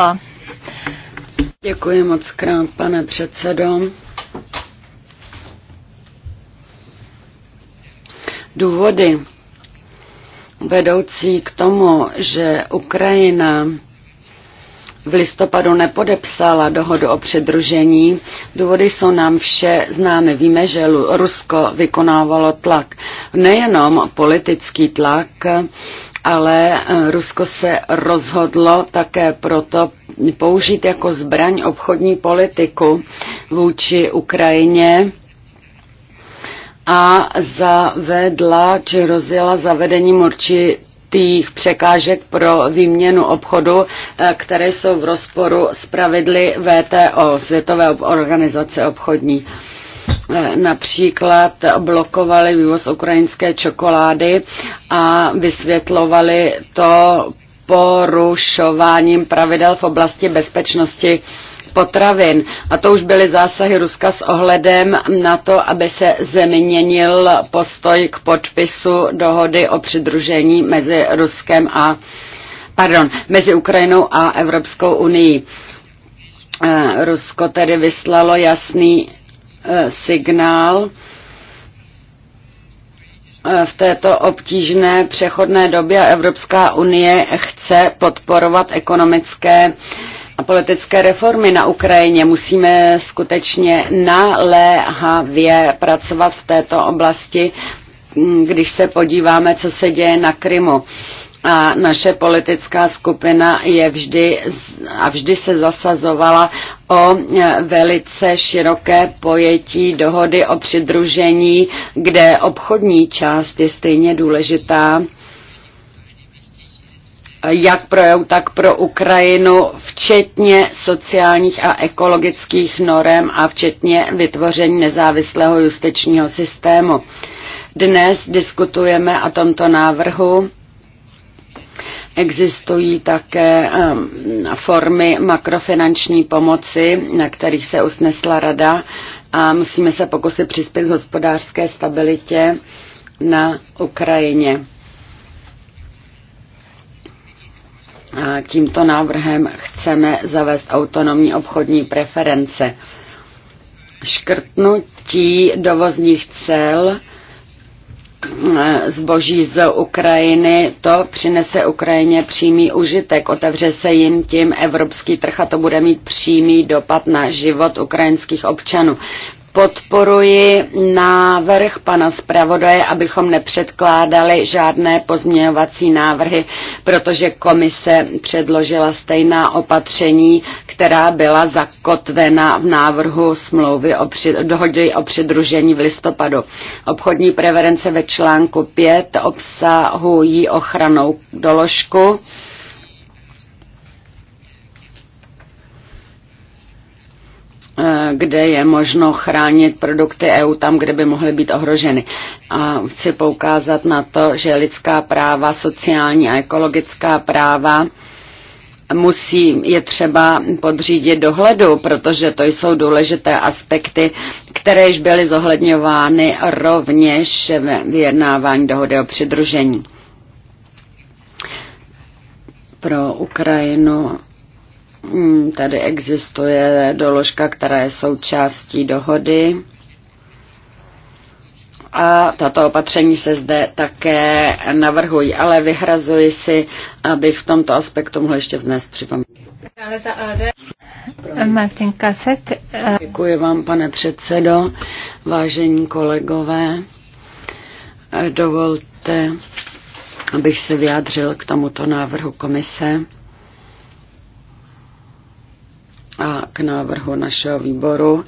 S3: Děkuji moc krát, pane předsedo. Důvody vedoucí k tomu, že Ukrajina v listopadu nepodepsala dohodu o předružení. Důvody jsou nám vše známy. Víme, že Rusko vykonávalo tlak. Nejenom politický tlak, ale eh, Rusko se rozhodlo také proto použít jako zbraň obchodní politiku vůči Ukrajině a zavedla či rozjela zavedením určitě určitých překážek pro výměnu obchodu, eh, které jsou v rozporu s pravidly VTO, Světové organizace obchodní eh, například blokovali vývoz ukrajinské čokolády a vysvětlovali to porušováním pravidel v oblasti bezpečnosti potravin. A to už byly zásahy Ruska s ohledem na to, aby se zeměnil postoj k podpisu dohody o přidružení mezi Ruskem a pardon, mezi Ukrajinou a Evropskou unii. Eh, Rusko tedy vyslalo jasný eh, signál eh, v této obtížné přechodné době Evropská unie chce podporovat ekonomické uh, politické reformy na Ukrajině. Musíme skutečně naléhavě pracovat v této oblasti, mm, když se podíváme, co se děje na Krymu. A naše politická skupina je vždy a vždy se zasazovala o e, velice široké pojetí dohody o přidružení, kde obchodní část je stejně důležitá jak pro EU, tak pro Ukrajinu, včetně sociálních a ekologických norem a včetně vytvoření nezávislého justičního systému. Dnes diskutujeme o tomto návrhu. Existují také formy makrofinanční pomoci, na kterých se usnesla rada a musíme se pokusit přispět k hospodářské stabilitě na Ukrajině. tímto návrhem chceme zavést autonomní obchodní preference. Škrtnutí dovozních cel eh, zboží z Ukrajiny, to přinese Ukrajině přímý užitek. Otevře se jim tím evropský trh a to bude mít přímý dopad na život ukrajinských občanů. Podporuji návrh pana zpravodaje, abychom nepředkládali žádné pozměňovací návrhy, protože komise předložila stejná opatření, která byla zakotvena v návrhu smlouvy o při, dohodě o přidružení v listopadu. Obchodní preference ve článku 5 obsahují ochranou doložku, Eh, kde je možno chránit produkty EU tam, kde by mohly být ohroženy. A chci poukázat na to, že lidská práva, sociální a ekologická práva musí je třeba podřídit dohledu, protože to jsou důležité aspekty, které již byly zohledňovány rovněž v vyjednávání dohody o přidružení. Pro Ukrajinu Mm, tady existuje doložka, která je součástí dohody. A tato opatření se zde také navrhují, ale vyhrazuji si, aby v tomto aspektu mohl ještě vznést připomínky. Martin Kaset. Eh, Děkuji vám, pane předsedo, vážení kolegové. Dovolte, abych se vyjádřil k tomuto návrhu komise. k návrhu našeho výboru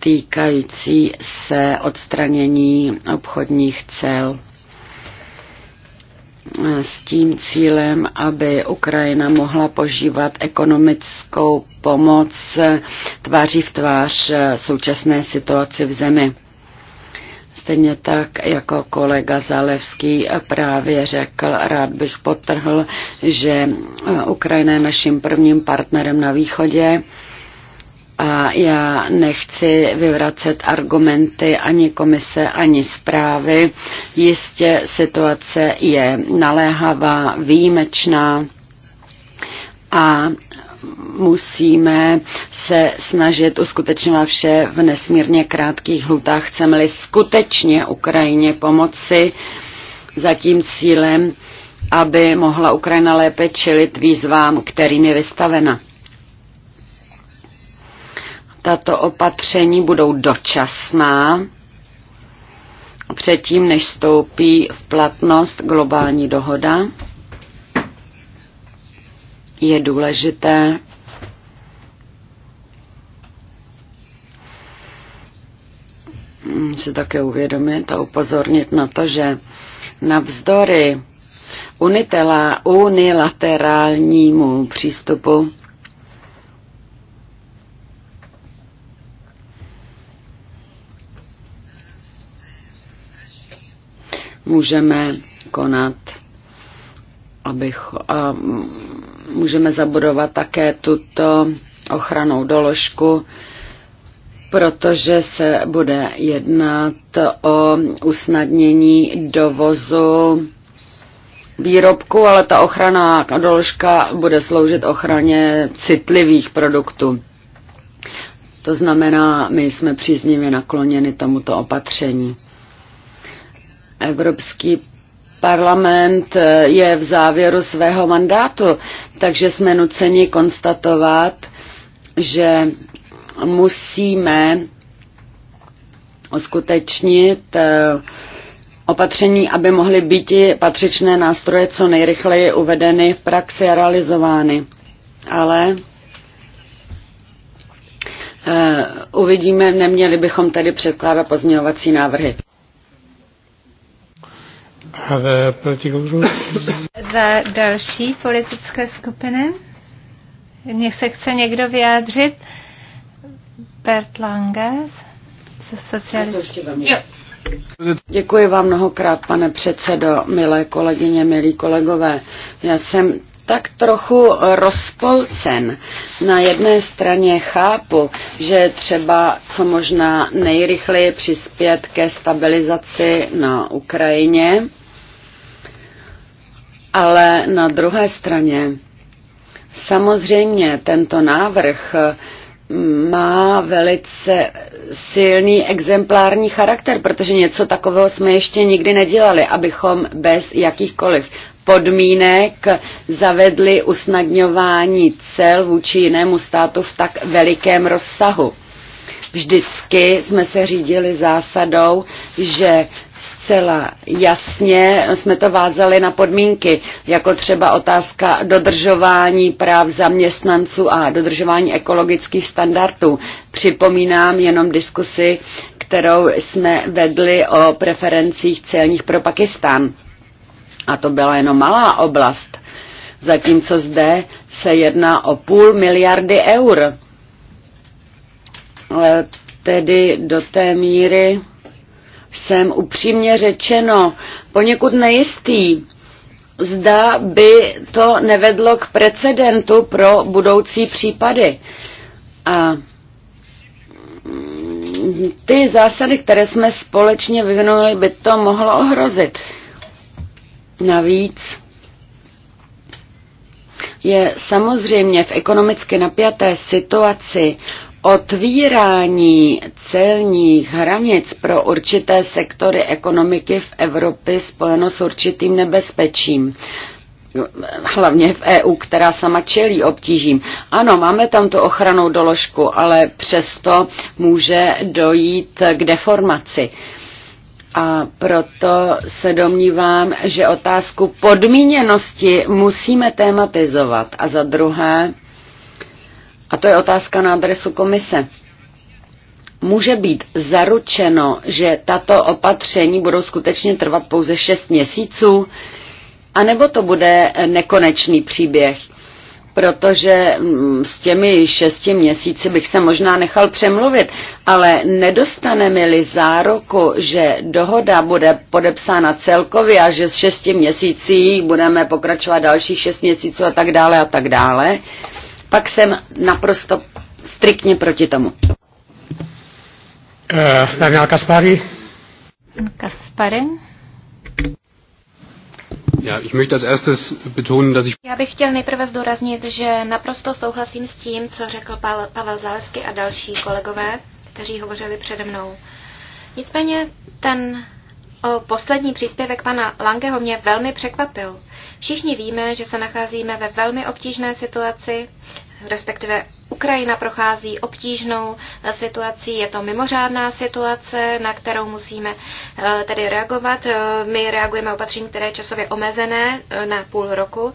S3: týkající se odstranění obchodních cel s tím cílem, aby Ukrajina mohla požívat ekonomickou pomoc tváří v tvář současné situaci v zemi. Stejně tak, jako kolega Zalevský právě řekl, rád bych potrhl, že Ukrajina je naším prvním partnerem na východě a já nechci vyvracet argumenty ani komise, ani zprávy. Jistě situace je naléhavá, výjimečná a musíme se snažit uskutečňovat vše v nesmírně krátkých hlutách. Chceme-li skutečně Ukrajině pomoci za tím cílem, aby mohla Ukrajina lépe čelit výzvám, kterým je vystavena. Tato opatření budou dočasná předtím, než stoupí v platnost globální dohoda. Je důležité mm, si také uvědomit a upozornit na to, že navzdory unitela, unilaterálnímu přístupu můžeme konat, abych, a můžeme zabudovat také tuto ochranou doložku, protože se bude jednat o usnadnění dovozu výrobku, ale ta ochrana doložka bude sloužit ochraně citlivých produktů. To znamená, my jsme příznivě nakloněni tomuto opatření. Evropský parlament eh, je v závěru svého mandátu, takže jsme nuceni konstatovat, že musíme uskutečnit eh, opatření, aby mohly být i patřičné nástroje co nejrychleji uvedeny v praxi a realizovány. Ale eh, uvidíme, neměli bychom tedy předkládat pozměňovací návrhy.
S1: Other political groups?
S2: Za další politické skupiny? Nech se chce někdo vyjádřit? Bert Lange ze socialistů.
S3: Děkuji vám mnohokrát, pane předsedo, milé kolegyně, milí kolegové. Já jsem tak trochu rozpolcen. Na jedné straně chápu, že třeba co možná nejrychleji přispět ke stabilizaci na Ukrajině, ale na druhé straně, samozřejmě tento návrh eh, má velice silný exemplární charakter, protože něco takového jsme ještě nikdy nedělali, abychom bez jakýchkoliv podmínek zavedli usnadňování cel vůči jinému státu v tak velikém rozsahu. Vždycky jsme se řídili zásadou, že zcela jasně jsme to vázali na podmínky, jako třeba otázka dodržování práv zaměstnanců a dodržování ekologických standardů. Připomínám jenom diskusi, kterou jsme vedli o preferencích celních pro Pakistán. A to byla jenom malá oblast, zatímco zde se jedná o půl miliardy eur. Tedy do té míry, jsem upřímně řečeno poněkud nejistý, zda by to nevedlo k precedentu pro budoucí případy. A mm, ty zásady, které jsme společně vyvinuli, by to mohlo ohrozit. Navíc je samozřejmě v ekonomicky napjaté situaci Otvírání celních hranic pro určité sektory ekonomiky v Evropě spojeno s určitým nebezpečím hlavně v EU, která sama čelí obtížím. Ano, máme tam tu ochranou doložku, ale přesto může dojít k deformaci. A proto se domnívám, že otázku podmíněnosti musíme tématizovat A za druhé, a to je otázka na adresu komise, může být zaručeno, že tato opatření budou skutečně trvat pouze 6 měsíců, anebo to bude nekonečný příběh? protože mm, s těmi šesti měsíci bych se možná nechal přemluvit, ale nedostaneme-li záruku, že dohoda bude podepsána celkově a že s šesti měsící budeme pokračovat dalších šest měsíců a tak dále a tak dále, pak jsem naprosto striktně proti tomu.
S1: Uh, Daniel Kaspari.
S3: Kaspari.
S4: Já bych chtěl nejprve zdůraznit, že naprosto souhlasím s tím, co řekl Pavel Zalesky a další kolegové, kteří hovořili přede mnou. Nicméně ten o, poslední příspěvek pana Langeho mě velmi překvapil. Všichni víme, že se nacházíme ve velmi obtížné situaci, respektive Ukrajina prochází obtížnou eh, situací, je to mimořádná situace, na kterou musíme eh, tedy reagovat. Eh, My reagujeme opatření, které je časově omezené na půl roku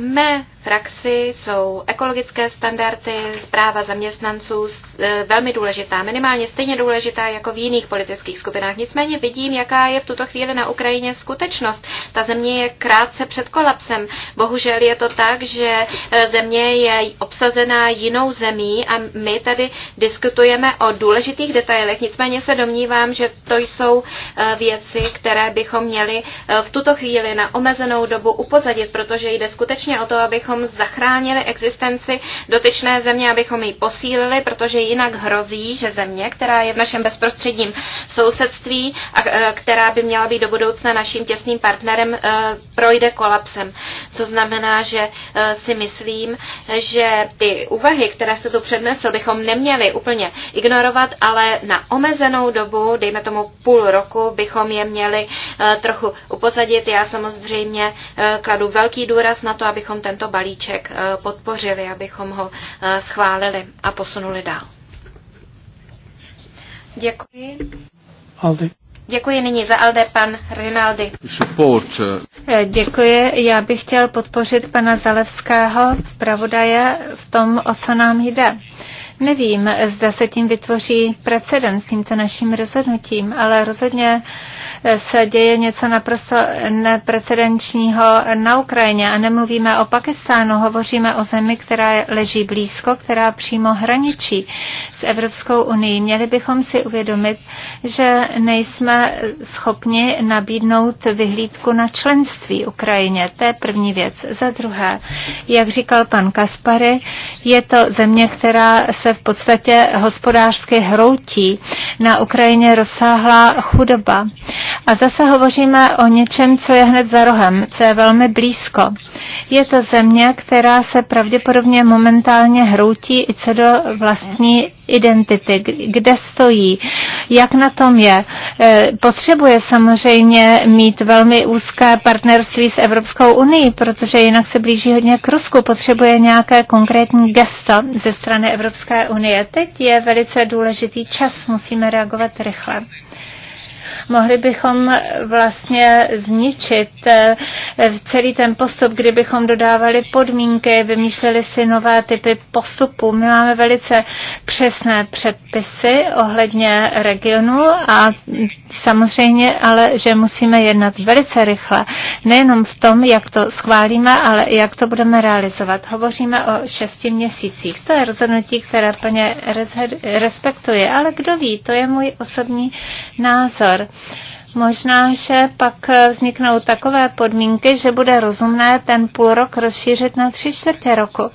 S4: mé frakci jsou ekologické standardy, zpráva zaměstnanců e, velmi důležitá, minimálně stejně důležitá jako v jiných politických skupinách. Nicméně vidím, jaká je v tuto chvíli na Ukrajině skutečnost. Ta země je krátce před kolapsem. Bohužel je to tak, že e, země je obsazená jinou zemí a my tady diskutujeme o důležitých detailech. Nicméně se domnívám, že to jsou e, věci, které bychom měli v tuto chvíli na omezenou dobu upozadit, protože jde skutečně skutečně o to, abychom zachránili existenci dotyčné země, abychom ji posílili, protože jinak hrozí, že země, která je v našem bezprostředním sousedství a e, která by měla být do budoucna naším těsným partnerem, e, projde kolapsem. To znamená, že e, si myslím, že ty úvahy, které se tu přednesl, bychom neměli úplně ignorovat, ale na omezenou dobu, dejme tomu půl roku, bychom je měli trochu upozadit. Já samozřejmě kladu velký důraz na to, abychom tento balíček eh, podpořili, abychom ho eh, schválili a posunuli dál. Děkuji. Aldi. Děkuji nyní za Alde, pan Rinaldi.
S1: Support.
S2: Eh. Děkuji. Já bych chtěl podpořit pana Zalevského, zpravodaje, v tom, o co nám jde. Nevím, zda se tím vytvoří precedens tímto naším rozhodnutím, ale rozhodně uh, se děje něco naprosto neprecedenčního na Ukrajině. A nemluvíme o Pakistánu, hovoříme o zemi, která leží blízko, která přímo hraničí s Evropskou unii. Měli bychom si uvědomit, že nejsme schopni nabídnout vyhlídku na členství Ukrajině. To je první věc. Za druhé, jak říkal pan Kaspary, je to země, která se v podstatě hospodářsky hroutí. Na Ukrajině rozsáhlá chudoba. A zase hovoříme o něčem, co je hned za rohem, co je velmi blízko. Je to země, která se pravděpodobně momentálně hroutí i co do vlastní identity, kde stojí, jak na tom je. E, potřebuje samozřejmě mít velmi úzké partnerství s Evropskou unii, protože jinak se blíží hodně k Rusku. Potřebuje nějaké konkrétní gesto ze strany Evropské unie. Teď je velice důležitý čas, musíme reagovat rychle. Mohli bychom vlastně zničit eh, celý ten postup, kdybychom dodávali podmínky, vymýšleli si nové typy postupů. My máme velice přesné předpisy ohledně regionu a samozřejmě ale, že musíme jednat velice rychle. Nejenom v tom, jak to schválíme, ale jak to budeme realizovat. Hovoříme o šesti měsících. To je rozhodnutí, které plně respektuje, ale kdo ví, to je můj osobní názor. Možná, že pak vzniknou takové podmínky, že bude rozumné ten půl rok rozšířit na tři čtvrtě roku.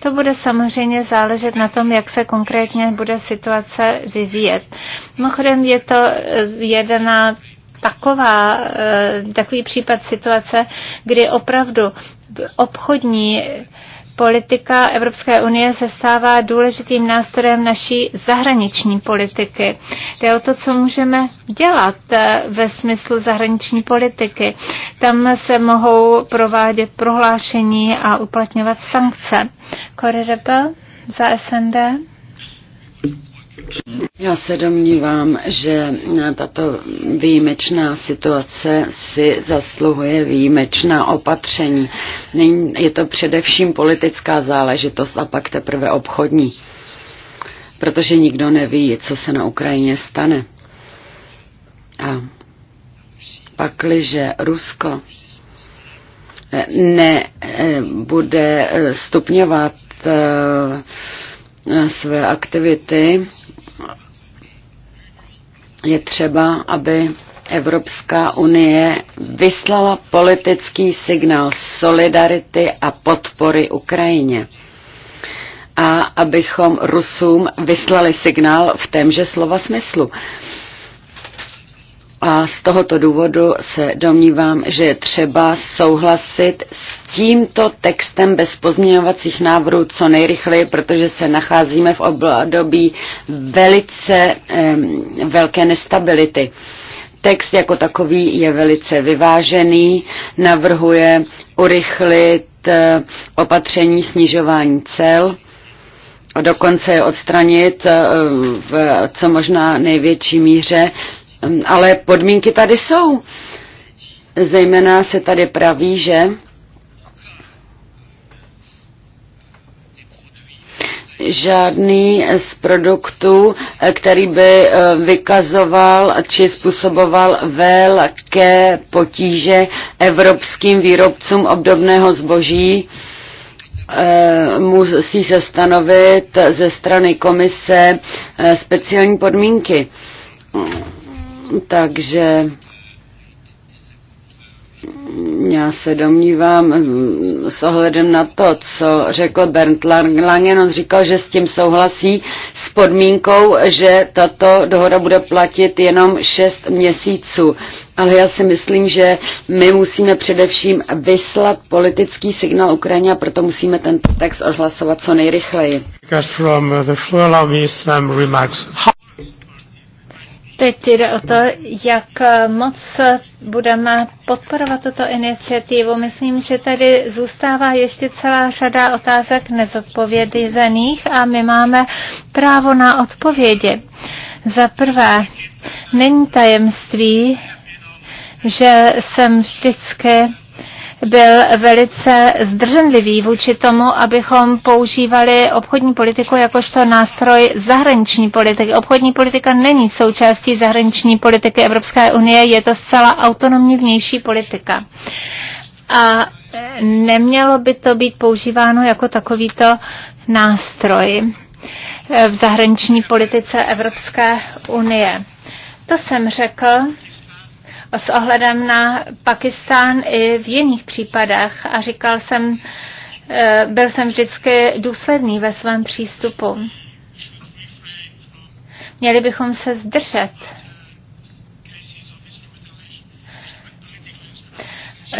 S2: To bude samozřejmě záležet na tom, jak se konkrétně bude situace vyvíjet. Mimochodem je to eh, jedna taková, eh, takový případ situace, kdy opravdu obchodní politika Evropské unie se stává důležitým nástrojem naší zahraniční politiky. Jde o to, co můžeme dělat eh, ve smyslu zahraniční politiky. Tam se mohou provádět prohlášení a uplatňovat sankce. Kory za SND.
S3: Já se domnívám, že tato výjimečná situace si zasluhuje výjimečná opatření. Je to především politická záležitost a pak teprve obchodní, protože nikdo neví, co se na Ukrajině stane. A pakliže Rusko eh, nebude eh, eh, stupňovat své aktivity, je třeba, aby Evropská unie vyslala politický signál solidarity a podpory Ukrajině. A abychom Rusům vyslali signál v témže slova smyslu. Uh, a z tohoto důvodu se domnívám, že je třeba souhlasit s tímto textem bez pozměňovacích návrhů co nejrychleji, protože se nacházíme v období velice eh, velké nestability. Text jako takový je velice vyvážený, navrhuje urychlit eh, opatření snižování cel dokonce je odstranit eh, v co možná největší míře Ehm, ale podmínky tady jsou. Zejména se tady praví, že žádný z produktů, eh, který by eh, vykazoval či způsoboval velké potíže evropským výrobcům obdobného zboží, eh, musí se stanovit ze strany komise speciální podmínky takže já se domnívám mm, s ohledem na to, co řekl Bernd Langen, on říkal, že s tím souhlasí s podmínkou, že tato dohoda bude platit jenom 6 měsíců. Ale já si myslím, že my musíme především vyslat politický signál Ukrajině a proto musíme ten text odhlasovat co nejrychleji. Teď jde o to, jak moc
S2: budeme podporovat tuto iniciativu. Myslím, že tady zůstává ještě celá řada otázek nezodpovězených a my máme právo na odpovědi. Za prvé, není tajemství, že jsem vždycky byl velice zdrženlivý vůči tomu, abychom používali obchodní politiku jakožto nástroj zahraniční politiky. Obchodní politika není součástí zahraniční politiky Evropské unie, je to zcela autonomní vnější politika. A nemělo by to být používáno jako takovýto nástroj v zahraniční politice Evropské unie. To jsem řekl s ohledem na Pakistán i v jiných případech a říkal jsem, eh, byl jsem vždycky důsledný ve svém přístupu. Měli bychom se zdržet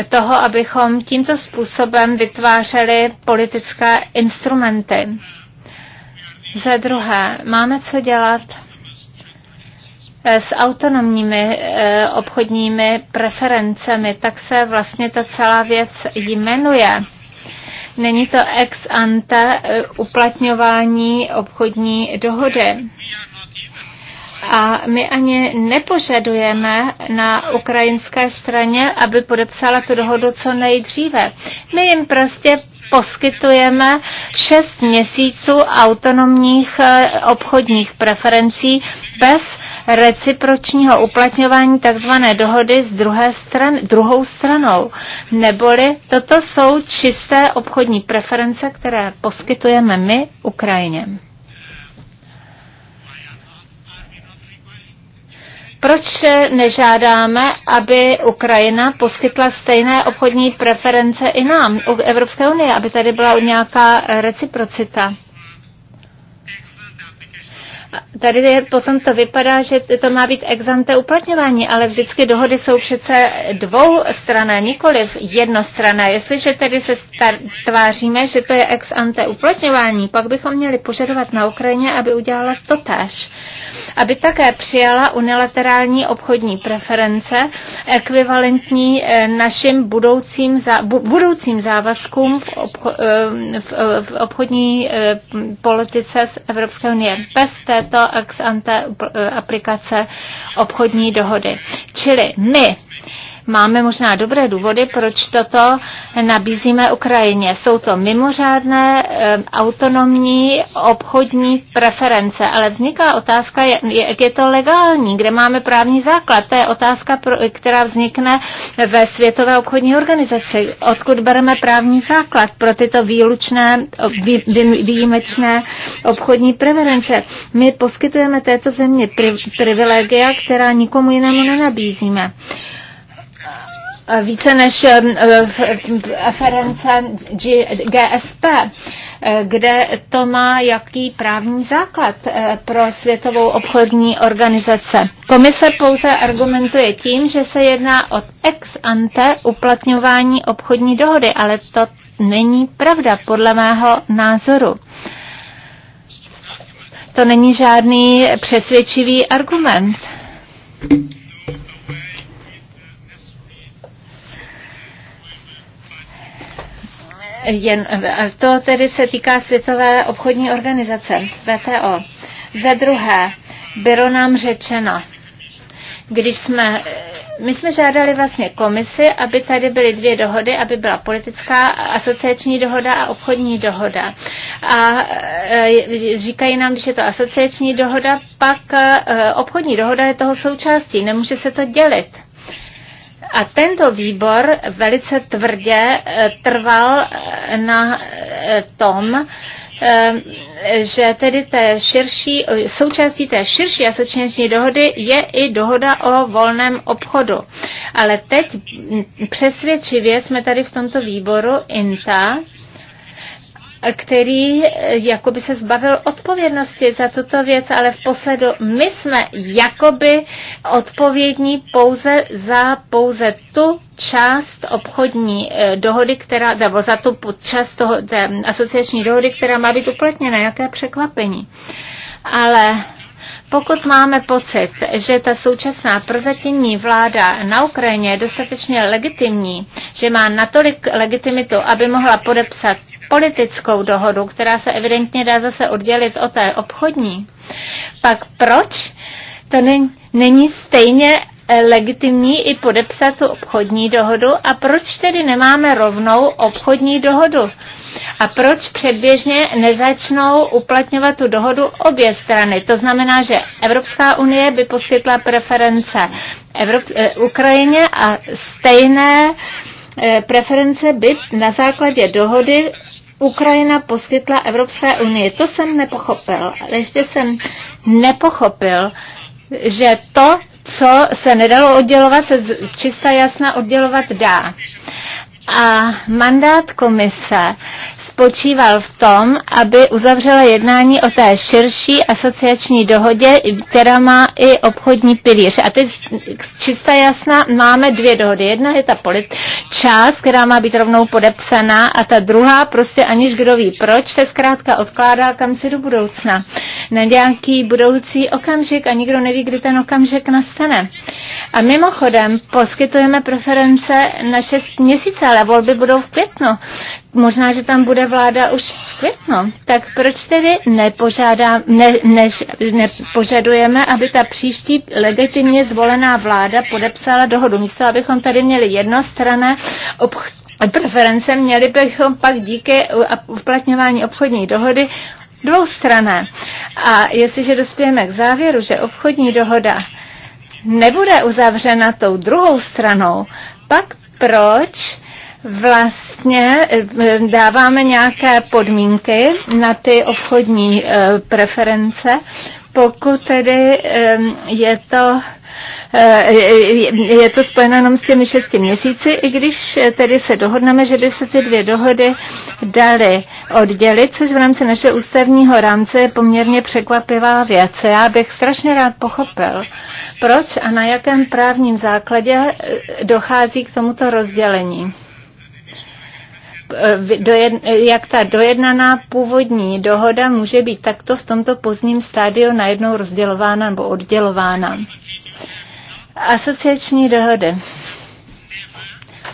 S2: toho, abychom tímto způsobem vytvářeli politické instrumenty. Za druhé, máme co dělat s autonomními eh, obchodními preferencemi, tak se vlastně ta celá věc jmenuje. Není to ex ante eh, uplatňování obchodní dohody. A my ani nepožadujeme na ukrajinské straně, aby podepsala tu dohodu co nejdříve. My jim prostě poskytujeme šest měsíců autonomních eh, obchodních preferencí bez recipročního uplatňování tzv. dohody s druhé stran, druhou stranou. Neboli toto jsou čisté obchodní preference, které poskytujeme my Ukrajině. proč nežádáme, aby Ukrajina poskytla stejné obchodní preference i nám, Evropské unie, aby tady byla nějaká reciprocita? Tady je, potom to vypadá, že to má být exante uplatňování, ale vždycky dohody jsou přece dvou strana, nikoliv jednostrana. Jestliže tedy se star- tváříme, že to je ex ante uplatňování, pak bychom měli požadovat na Ukrajině, aby udělala tež. Aby také přijala unilaterální obchodní preference, ekvivalentní eh, našim budoucím, zá- budoucím závazkům v, obcho- eh, v, v obchodní eh, politice z Evropské unie. Bez té této ex ante eh, aplikace obchodní dohody. Čili my máme možná dobré důvody, proč toto nabízíme Ukrajině. Jsou to mimořádné eh, autonomní obchodní preference, ale vzniká otázka, jak je to legální, kde máme právní základ. To je otázka, která vznikne ve Světové obchodní organizaci. Odkud bereme právní základ pro tyto výlučné, výjimečné obchodní preference? My poskytujeme této země privilegia, která nikomu jinému nenabízíme. Eh, více než aference eh, eh, GSP, kde to má jaký právní základ pro Světovou obchodní organizace. Komise pouze argumentuje tím, že se jedná o ex ante uplatňování obchodní dohody, ale to není pravda podle mého názoru. To není žádný přesvědčivý argument. jen, to tedy se týká Světové obchodní organizace, VTO. Za druhé, bylo nám řečeno, když jsme, my jsme žádali vlastně komisi, aby tady byly dvě dohody, aby byla politická asociační dohoda a obchodní dohoda. A e, říkají nám, když je to asociační dohoda, pak e, obchodní dohoda je toho součástí, nemůže se to dělit. A tento výbor velice tvrdě eh, trval eh, na eh, tom, že tedy té širší, součástí té širší asociační dohody je i dohoda o volném obchodu. Ale teď přesvědčivě jsme tady v tomto výboru INTA který eh, jakoby se zbavil odpovědnosti za tuto věc, ale v posledu my jsme jakoby odpovědní pouze za pouze tu část obchodní eh, dohody, která, nebo za tu část toho, té asociační dohody, která má být uplatněna. Jaké překvapení. Ale pokud máme pocit, že ta současná prozatímní vláda na Ukrajině je dostatečně legitimní, že má natolik legitimitu, aby mohla podepsat politickou dohodu, která se evidentně dá zase oddělit od té obchodní, pak proč to není, není stejně legitimní i podepsat tu obchodní dohodu a proč tedy nemáme rovnou obchodní dohodu? A proč předběžně nezačnou uplatňovat tu dohodu obě strany? To znamená, že Evropská unie by poskytla preference Evrop- eh, Ukrajině a stejné eh, Eh, preference by na základě dohody Ukrajina poskytla Evropské unii. To jsem nepochopil, ale ještě jsem nepochopil, že to, co se nedalo oddělovat, se čista jasná oddělovat dá. A mandát komise spočíval v tom, aby uzavřela jednání o té širší asociační dohodě, která má i obchodní pilíř. A teď čista jasná máme dvě dohody. Jedna je ta polit část, která má být rovnou podepsaná a ta druhá prostě aniž kdo ví proč, se zkrátka odkládá kam si do budoucna. Na nějaký budoucí okamžik a nikdo neví, kdy ten okamžik nastane. A mimochodem poskytujeme preference na šest měsíce, ale volby budou v květnu možná, že tam bude vláda už v květnu. Tak proč tedy nepožádá, ne, ne, nepožadujeme, aby ta příští legitimně zvolená vláda podepsala dohodu? Místo, abychom tady měli jednostrané obch- preference, měli bychom pak díky uplatňování obchodní dohody dvoustrané. A jestliže dospějeme k závěru, že obchodní dohoda nebude uzavřena tou druhou stranou, pak proč vlastně eh, eh, dáváme nějaké podmínky na ty obchodní eh, preference, pokud tedy je to je to spojeno jenom s těmi šesti měsíci, i když tedy se dohodneme, že by se ty dvě dohody daly oddělit, což v rámci našeho ústavního rámce je poměrně překvapivá věc. Já bych strašně rád pochopil, proč a na jakém právním základě dochází k tomuto rozdělení. Eh, jak ta dojednaná původní dohoda může být takto v tomto pozdním stádiu najednou rozdělována nebo oddělována. Asociační dohody.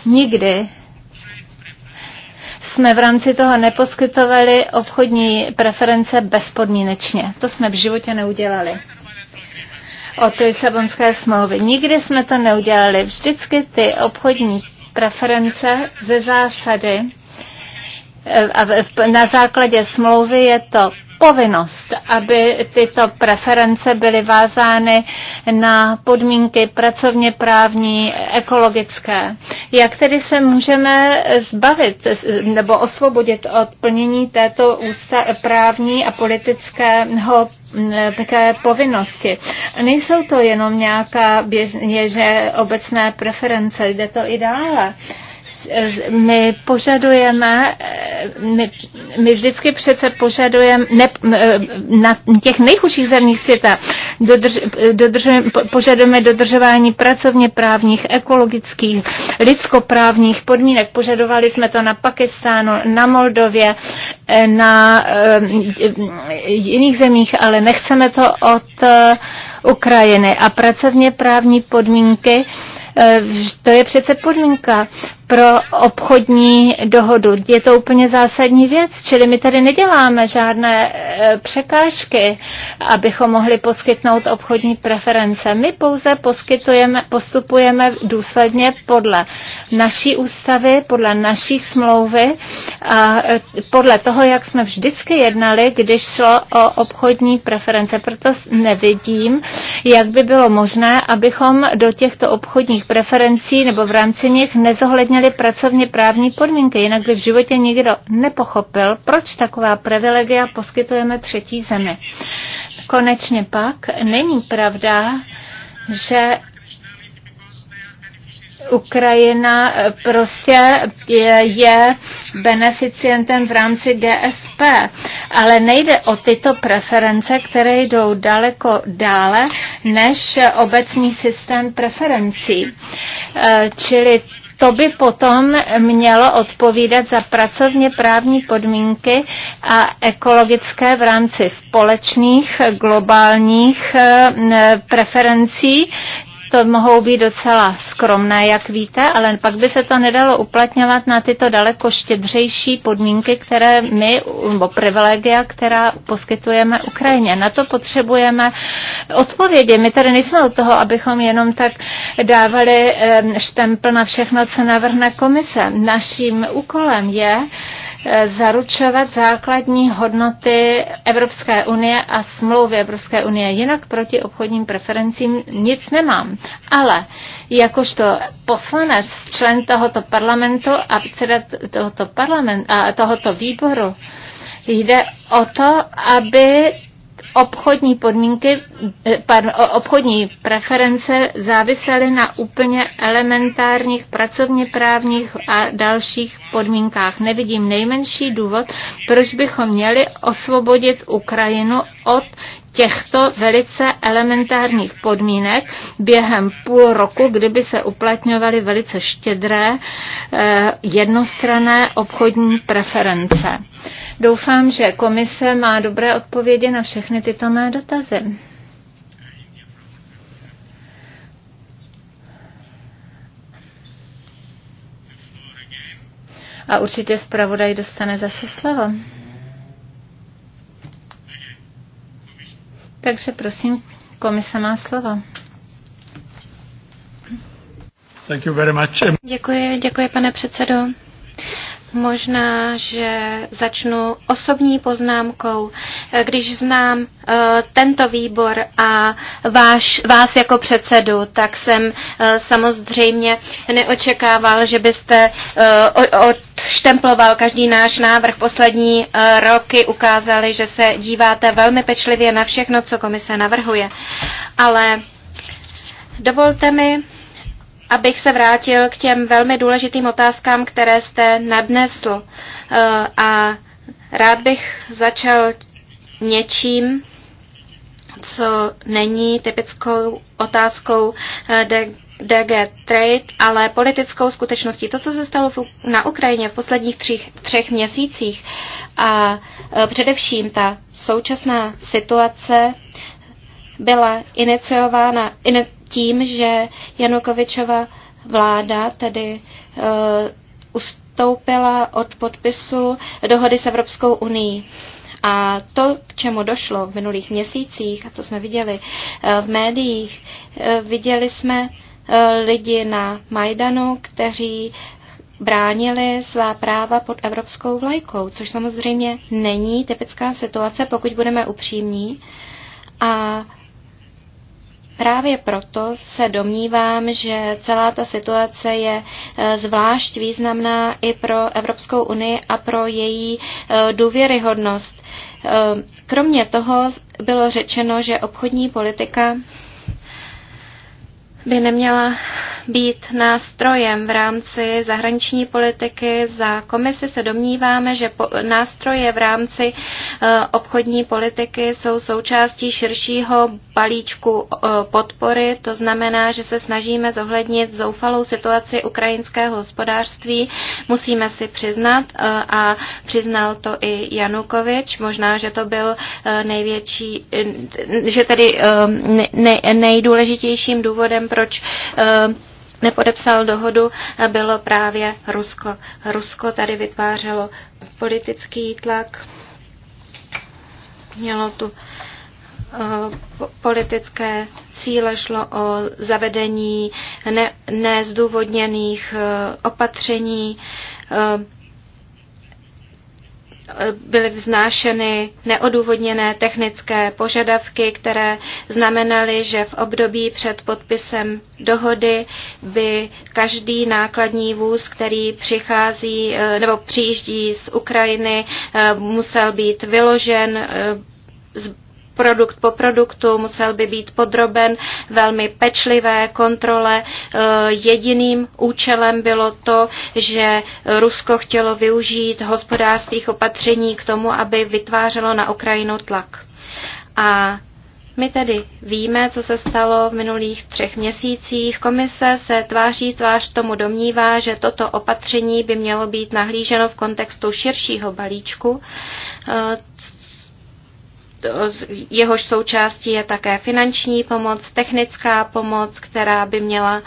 S2: Nikdy jsme v rámci toho neposkytovali obchodní preference bezpodmínečně. To jsme v životě neudělali od Lisabonské smlouvy. Nikdy jsme to neudělali. Vždycky ty obchodní preference ze zásady Eh, na základě smlouvy je to povinnost, aby tyto preference byly vázány na podmínky pracovně právní, ekologické. Jak tedy se můžeme zbavit nebo osvobodit od plnění této ústa, právní a politického eh, také povinnosti. nejsou to jenom nějaká běžně obecné preference, jde to i dále. Uh, my požadujeme, eh, my, my vždycky přece požadujeme ne, eh, na těch nejchudších zemích světa, dodrž, dodrž, požadujeme dodržování pracovně právních, ekologických, lidskoprávních podmínek. Požadovali jsme to na Pakistánu, na Moldově, eh, na jiných zemích, ale nechceme to od Ukrajiny. A pracovně právní podmínky to je přece podmínka pro obchodní dohodu. Je to úplně zásadní věc, čili my tady neděláme žádné e, překážky, abychom mohli poskytnout obchodní preference. My pouze poskytujeme, postupujeme důsledně podle naší ústavy, podle naší smlouvy a e, podle toho, jak jsme vždycky jednali, když šlo o obchodní preference. Proto nevidím, jak by bylo možné, abychom do těchto obchodních preferencí nebo v rámci nich nezohlednili měli pracovně právní podmínky, jinak by v životě nikdo nepochopil, proč taková privilegia poskytujeme třetí zemi. Konečně pak není pravda, že Ukrajina prostě je, je beneficientem v rámci GSP, ale nejde o tyto preference, které jdou daleko dále než obecný systém preferencí. E, čili to by potom mělo odpovídat za pracovně právní podmínky a ekologické v rámci společných globálních eh, preferencí, to mohou být docela skromné, jak víte, ale pak by se to nedalo uplatňovat na tyto daleko štědřejší podmínky, které my, nebo privilegia, která poskytujeme Ukrajině. Na to potřebujeme odpovědi. My tady nejsme od toho, abychom jenom tak dávali eh, štempl na všechno, co navrhne komise. Naším úkolem je zaručovat základní hodnoty Evropské unie a smlouvy Evropské unie. Jinak proti obchodním preferencím nic nemám. Ale jakožto poslanec, člen tohoto parlamentu a předseda tohoto, parlament, a tohoto výboru, jde o to, aby obchodní podmínky, eh, pardon, obchodní preference závisely na úplně elementárních pracovně právních a dalších podmínkách. Nevidím nejmenší důvod, proč bychom měli osvobodit Ukrajinu od těchto velice elementárních podmínek během půl roku, kdyby se uplatňovaly velice štědré eh, jednostrané obchodní preference. Doufám, že komise má dobré odpovědi na všechny tyto mé dotazy. A určitě zpravodaj dostane zase slovo. Takže prosím, komise má slovo.
S1: Thank you very
S4: much. Děkuji, děkuji pane předsedo. Možná, že začnu osobní poznámkou. Když znám eh, tento výbor a váš, vás jako předsedu, tak jsem eh, samozřejmě neočekával, že byste eh, odštemploval každý náš návrh. Poslední roky ukázali, že se díváte velmi pečlivě na všechno, co komise navrhuje. Ale dovolte mi abych se vrátil k těm velmi důležitým otázkám, které jste nadnesl. Eh, a rád bych začal něčím, co není typickou otázkou eh, DG Trade, ale politickou skutečností. To, co se stalo na Ukrajině v posledních třích, třech měsících a eh, především ta současná situace byla iniciována, tím, že Janukovičova vláda tedy eh, ustoupila od podpisu dohody s Evropskou unii. A to, k čemu došlo v minulých měsících a co jsme viděli eh, v médiích, eh, viděli jsme lidi na Majdanu, kteří bránili svá práva pod evropskou vlajkou, což samozřejmě není typická situace, pokud budeme upřímní. A Právě proto se domnívám, že celá ta situace je e, zvlášť významná i pro Evropskou unii a pro její e, důvěryhodnost. E, kromě toho bylo řečeno, že obchodní politika by neměla být nástrojem v rámci zahraniční politiky. Za komisi se domníváme, že po, nástroje v rámci eh, obchodní politiky jsou součástí širšího balíčku eh, podpory. To znamená, že se snažíme zohlednit zoufalou situaci ukrajinského hospodářství. Musíme si přiznat eh, a přiznal to i Janukovič. Možná, že to byl největší, že tedy nejdůležitějším důvodem proč eh, nepodepsal dohodu, eh, bylo právě Rusko. Rusko tady vytvářelo politický tlak, mělo tu eh, politické cíle šlo o zavedení ne, nezdůvodněných opatření, byly vznášeny neodůvodněné technické požadavky, které znamenaly, že v období před podpisem dohody by každý nákladní vůz, který přichází eh, nebo přijíždí z Ukrajiny, eh, musel být vyložen eh, produkt po produktu, musel by být podroben velmi pečlivé kontrole. Eh, jediným účelem bylo to, že Rusko chtělo využít hospodářských opatření k tomu, aby vytvářelo na Ukrajinu tlak. A my tedy víme, co se stalo v minulých třech měsících. Komise se tváří tvář tomu domnívá, že toto opatření by mělo být nahlíženo v kontextu širšího balíčku, eh, jehož součástí je také finanční pomoc, technická pomoc, která by měla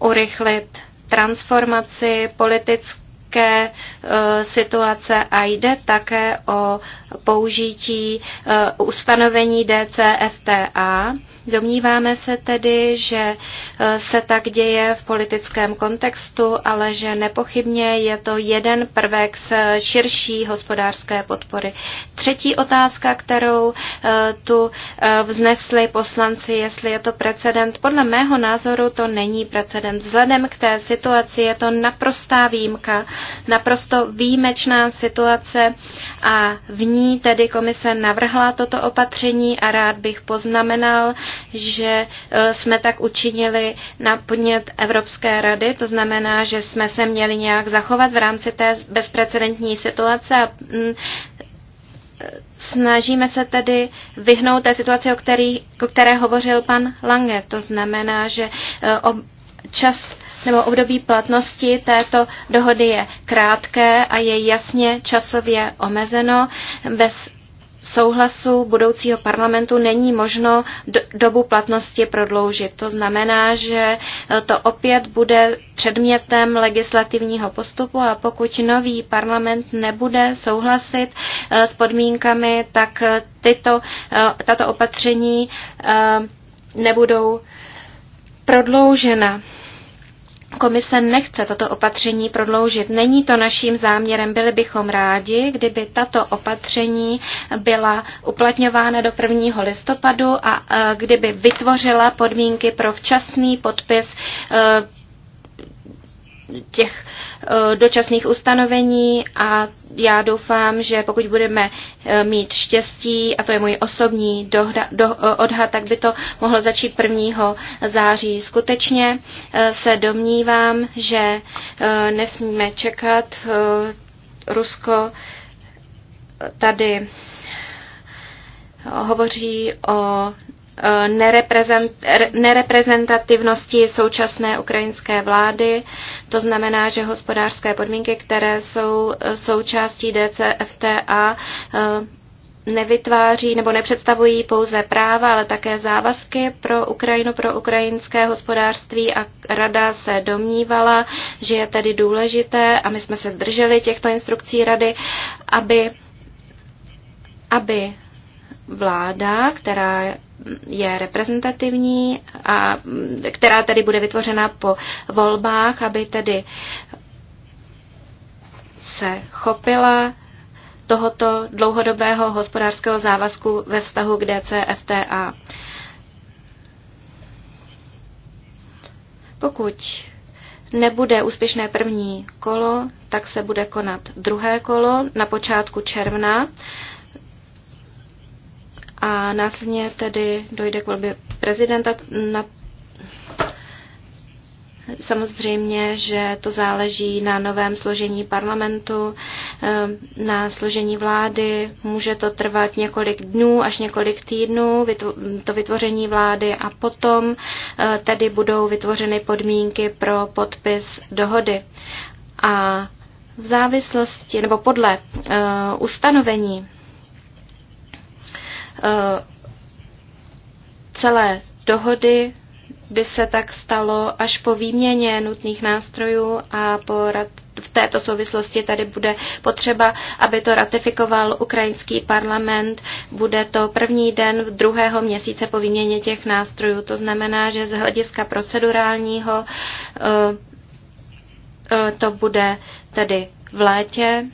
S4: urychlit transformaci politické nelehké situace a jde také o použití eh, ustanovení DCFTA. Domníváme se tedy, že eh, se tak děje v politickém kontextu, ale že nepochybně je to jeden prvek z širší hospodářské podpory. Třetí otázka, kterou eh, tu vznesli poslanci, jestli je to precedent. Podle mého názoru to není precedent. Vzhledem k té situaci je to naprostá výjimka naprosto výjimečná situace a v ní tedy komise navrhla toto opatření a rád bych poznamenal, že e, jsme tak učinili na podnět Evropské rady, to znamená, že jsme se měli nějak zachovat v rámci té bezprecedentní situace a mm, snažíme se tedy vyhnout té situaci, o, který, o které hovořil pan Lange. To znamená, že e, čas nebo období platnosti této dohody je krátké a je jasně časově omezeno. Bez souhlasu budoucího parlamentu není možno dobu platnosti prodloužit. To znamená, že eh, to opět bude předmětem legislativního postupu a pokud nový parlament nebude souhlasit eh, s podmínkami, tak eh, tyto, tato opatření nebudou prodloužena. Komise nechce tato opatření prodloužit. Není to naším záměrem. Byli bychom rádi, kdyby tato opatření byla uplatňována do 1. listopadu a e, kdyby vytvořila podmínky pro včasný podpis e, těch eh, dočasných ustanovení a já doufám, že pokud budeme eh, mít štěstí, a to je můj osobní dohda, do, eh, odhad, tak by to mohlo začít 1. září. Skutečně se domnívám, že nesmíme čekat. Rusko tady hovoří o nereprezentativnosti současné ukrajinské vlády. To znamená, že hospodářské podmínky, které jsou eh, součástí DCFTA, eh, nevytváří nebo nepředstavují pouze práva, ale také závazky pro Ukrajinu, pro ukrajinské hospodářství a rada se domnívala, že je tedy důležité, a my jsme se drželi těchto instrukcí rady, aby, aby vláda, která je reprezentativní a která tedy bude vytvořena po volbách, aby tedy se chopila tohoto dlouhodobého hospodářského závazku ve vztahu k DCFTA. Pokud nebude úspěšné první kolo, tak se bude konat druhé kolo na počátku června a následně tedy dojde k volbě prezidenta. Na... Samozřejmě, že to záleží na novém složení parlamentu, eh, na složení vlády. Může to trvat několik dnů až několik týdnů, to vytvoření vlády a potom eh, tedy budou vytvořeny podmínky pro podpis dohody. A v závislosti nebo podle uh, ustanovení Eh, celé dohody by se tak stalo až po výměně nutných nástrojů a po rad... v této souvislosti tady bude potřeba, aby to ratifikoval ukrajinský parlament. Bude to první den v druhého měsíce po výměně těch nástrojů. To znamená, že z hlediska procedurálního eh, eh, to bude tedy v létě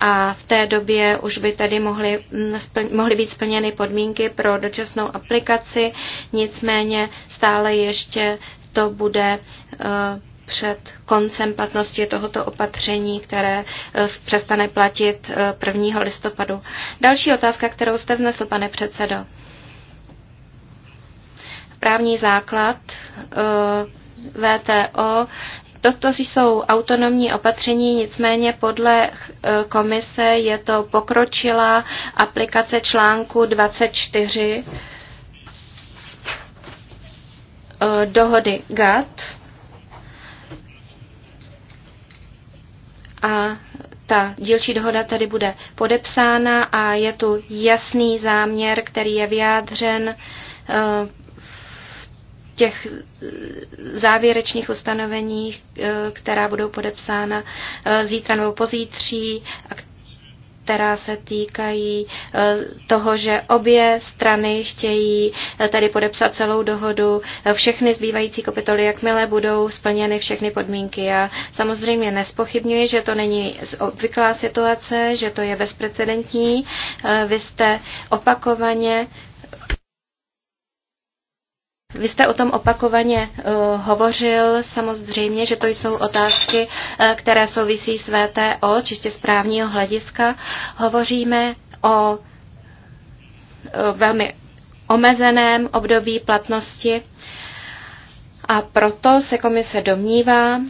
S4: a v té době už by tedy mohly, mm, mohly být splněny podmínky pro dočasnou aplikaci, nicméně stále ještě to bude eh, před koncem platnosti tohoto opatření, které eh, přestane platit 1. Eh, listopadu. Další otázka, kterou jste vznesl, pane předsedo. Právní základ VTO Toto jsou autonomní opatření, nicméně podle eh, komise je to pokročila aplikace článku 24 eh, dohody GATT. A ta dílčí dohoda tedy bude podepsána a je tu jasný záměr, který je vyjádřen eh, těch závěrečných ustanoveních, eh, která budou podepsána eh, zítra nebo pozítří a která se týkají eh, toho, že obě strany chtějí tady podepsat celou dohodu, všechny zbývající kapitoly, jakmile budou splněny všechny podmínky. Já samozřejmě nespochybňuji, že to není obvyklá situace, že to je bezprecedentní. Vy jste opakovaně vy jste o tom opakovaně uh, hovořil, samozřejmě, že to jsou otázky, uh, které souvisí s VTO, čistě z právního hlediska. Hovoříme o uh, velmi omezeném období platnosti a proto se komise domnívá,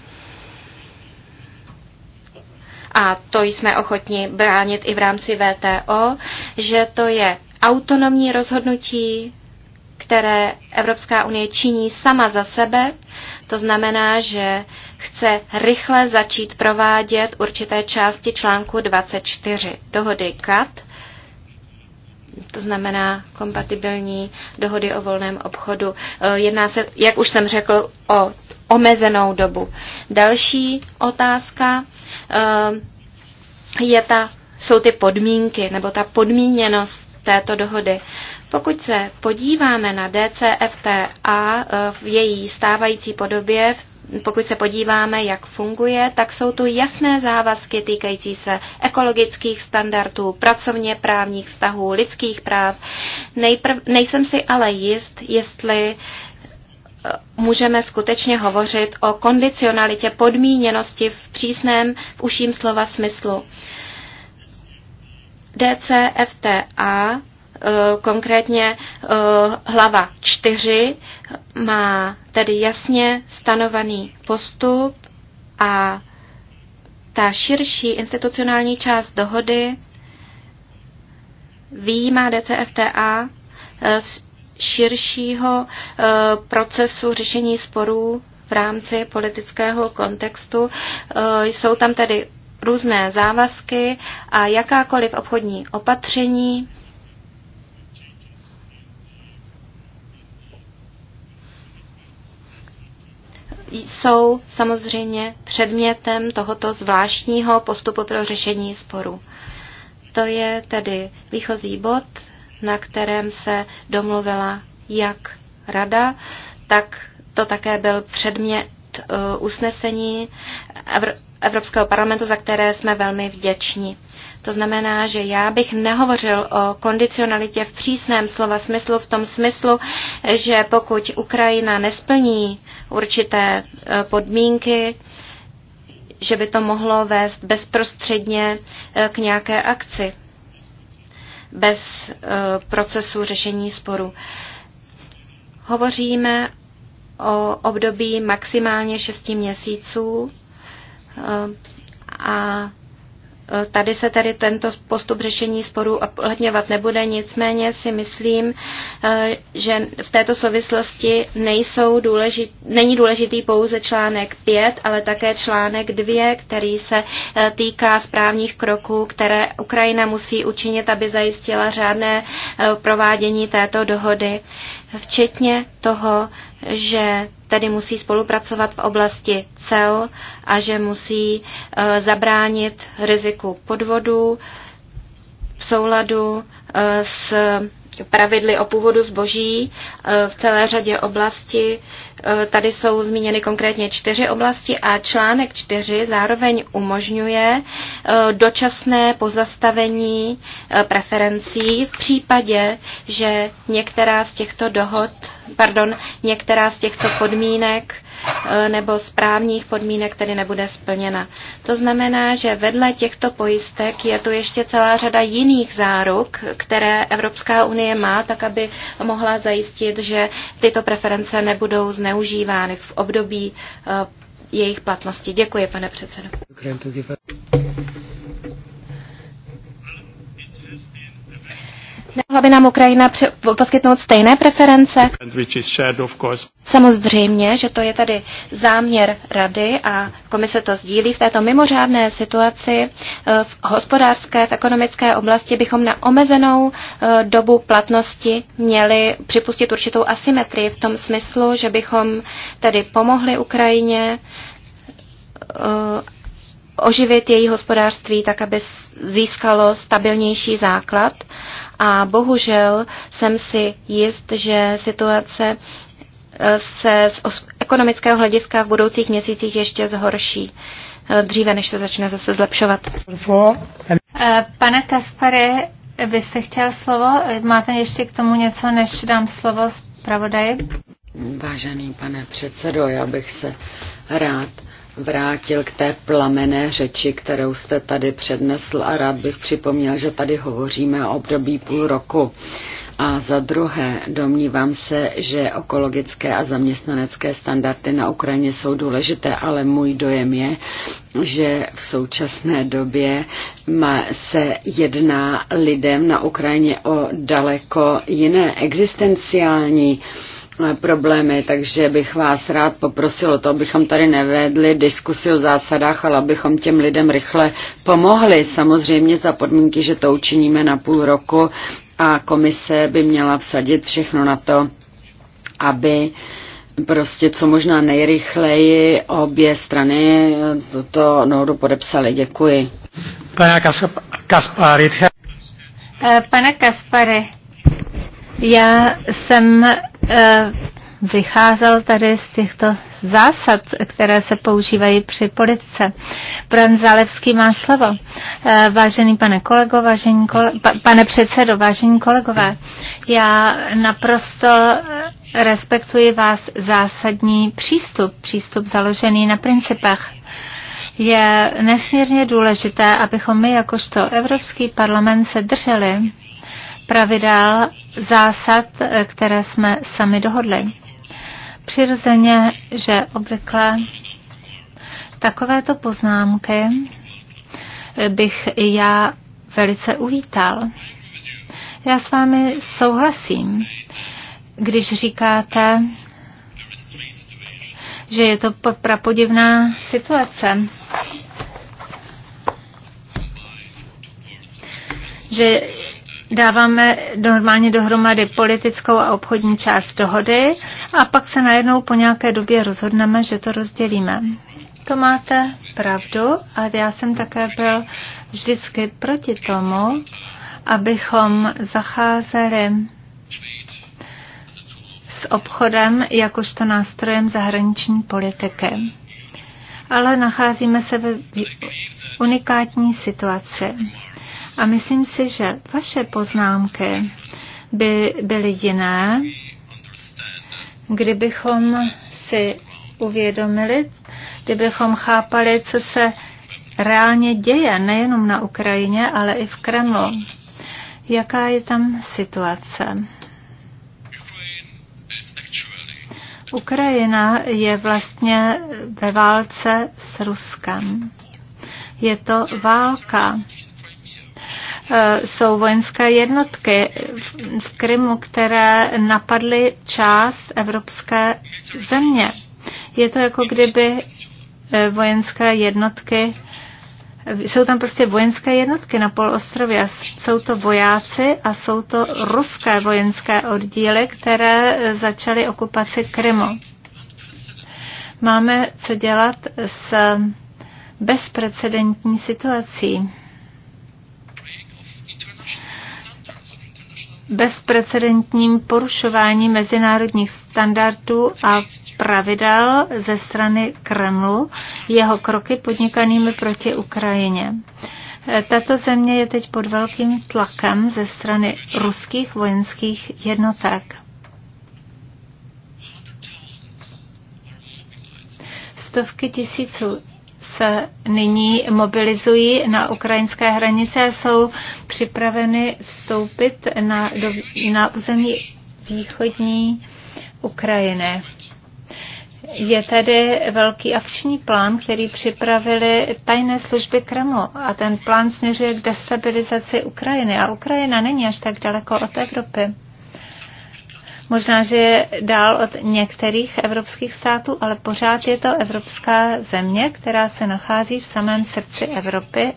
S4: a to jsme ochotni bránit i v rámci VTO, že to je autonomní rozhodnutí které Evropská unie činí sama za sebe. To znamená, že chce rychle začít provádět určité části článku 24 dohody CAT, to znamená kompatibilní dohody o volném obchodu. Eh, jedná se, jak už jsem řekl, o omezenou dobu. Další otázka eh, je ta, jsou ty podmínky nebo ta podmíněnost této dohody. Pokud se podíváme na DCFTA eh, v její stávající podobě, pokud se podíváme, jak funguje, tak jsou tu jasné závazky týkající se ekologických standardů, pracovně právních vztahů, lidských práv. Nejprv, nejsem si ale jist, jestli eh, můžeme skutečně hovořit o kondicionalitě podmíněnosti v přísném, v uším slova smyslu. DCFTA Eh, konkrétně eh, hlava 4 má tedy jasně stanovený postup a ta širší institucionální část dohody výjímá DCFTA eh, z širšího procesu řešení sporů v rámci politického kontextu. Jsou tam tedy různé závazky a jakákoliv obchodní opatření jsou samozřejmě předmětem tohoto zvláštního postupu pro řešení sporu. To je tedy výchozí bod, na kterém se domluvila jak rada, tak to také byl předmět, Eh, usnesení Evropského parlamentu, za které jsme velmi vděční. To znamená, že já bych nehovořil o kondicionalitě v přísném slova smyslu, v tom smyslu, že pokud Ukrajina nesplní určité eh, podmínky, že by to mohlo vést bezprostředně eh, k nějaké akci bez procesu řešení sporu. Hovoříme o období maximálně 6 měsíců a Tady se tedy tento postup řešení sporů uplatňovat nebude, nicméně si myslím, e, že v této souvislosti nejsou důležit, není důležitý pouze článek 5, ale také článek 2, který se e, týká správních kroků, které Ukrajina musí učinit, aby zajistila řádné e, provádění této dohody včetně toho, že tedy musí spolupracovat v oblasti cel a že musí eh, zabránit riziku podvodu v souladu eh, s Prostě pravidly o původu zboží e, v celé řadě oblasti. E, tady jsou zmíněny konkrétně čtyři oblasti a článek čtyři zároveň umožňuje e, dočasné pozastavení preferencí v případě, že některá z těchto dohod, pardon, některá z těchto podmínek E, nebo správních podmínek tedy nebude splněna. To znamená, že vedle těchto pojistek je tu ještě celá řada jiných záruk, které Evropská unie má, tak aby mohla zajistit, že tyto preference nebudou zneužívány v období e, jejich platnosti. Děkuji, pane předsedo. Mohla by nám Ukrajina poskytnout stejné preference? Samozřejmě, že to je tady záměr rady a komise to sdílí. V této mimořádné situaci eh, v hospodářské, v ekonomické oblasti bychom na omezenou eh, dobu platnosti měli připustit určitou asymetrii v tom smyslu, že bychom tedy pomohli Ukrajině eh, oživit její hospodářství tak, aby získalo stabilnější základ a bohužel jsem si jist, že situace eh, se z ekonomického hlediska v budoucích měsících ještě zhorší eh, dříve, než se začne zase zlepšovat. Eh,
S2: pane Kaspare, vy jste chtěl slovo? Máte ještě k tomu něco, než dám slovo zpravodaji?
S3: Vážený pane předsedo, já bych se rád vrátil k té plamené řeči, kterou jste tady přednesl a rád bych připomněl, že tady hovoříme o období půl roku. A za druhé, domnívám se, že ekologické a zaměstnanecké standardy na Ukrajině jsou důležité, ale můj dojem je, že v současné době má, se jedná lidem na Ukrajině o daleko jiné existenciální uh, problémy, takže bych vás rád poprosil o to, abychom tady nevedli diskusi o zásadách, ale abychom těm lidem rychle pomohli. Samozřejmě za podmínky, že to učiníme na půl roku a komise by měla vsadit všechno na to, aby prostě co možná nejrychleji obě strany tuto nohodu podepsali. Děkuji.
S1: Pane Kaspari.
S2: Eh, pane já jsem Eh, vycházel tady z těchto zásad, které se používají při politice. Pan Zálevský má slovo. Eh, vážený pane kolego, vážení kole, pa, pane předsedo, vážení kolegové, já naprosto respektuji vás zásadní přístup, přístup založený na principech je nesmírně důležité, abychom my jakožto Evropský parlament se drželi pravidel, zásad, eh, které jsme sami dohodli. Přirozeně, že obvykle takovéto poznámky bych i já velice uvítal. Já s vámi souhlasím, když říkáte, že je to prapodivná situace. Že dáváme normálně dohromady politickou a obchodní část dohody a pak se najednou po nějaké době rozhodneme, že to rozdělíme. To máte pravdu a já jsem také byl vždycky proti tomu, abychom zacházeli s obchodem jakožto nástrojem zahraniční politiky. Ale nacházíme se v unikátní situaci a myslím si, že vaše poznámky by byly jiné, kdybychom si uvědomili, kdybychom chápali, co se reálně děje nejenom na Ukrajině, ale i v Kremlu. Jaká je tam situace? Ukrajina je vlastně ve válce s Ruskem. Je to válka, Eh, jsou vojenské jednotky v Krymu, které napadly část evropské země. Je to jako kdyby eh, vojenské jednotky eh, jsou tam prostě vojenské jednotky na polostrově. Jsou to vojáci a jsou to ruské vojenské oddíly, které začaly okupaci Krymu. Máme co dělat s bezprecedentní situací. bezprecedentním porušování mezinárodních standardů a pravidel ze strany Kremlu, jeho kroky podnikanými proti Ukrajině. Tato země je teď pod velkým tlakem ze strany ruských vojenských jednotek. Stovky tisíců se nyní mobilizují na ukrajinské hranice a jsou připraveny vstoupit na, do, na území východní Ukrajiny. Je tedy velký akční plán, který připravili tajné služby Kremlu a ten plán směřuje k destabilizaci Ukrajiny a Ukrajina není až tak daleko od Evropy. Možná, že je dál od některých evropských států, ale pořád je to evropská země, která se nachází v samém srdci Evropy,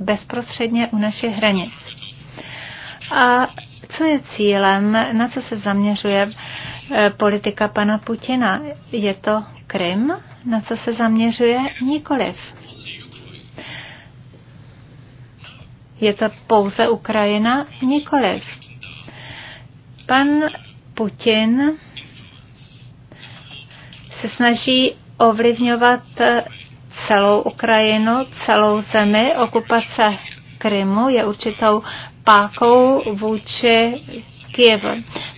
S2: bezprostředně u našich hranic. A co je cílem, na co se zaměřuje eh, politika pana Putina? Je to Krym? Na co se zaměřuje? Nikoliv. Je to pouze Ukrajina? Nikoliv. Pan Putin se snaží ovlivňovat celou Ukrajinu, celou zemi. Okupace Krymu je určitou pákou vůči Kyjevu.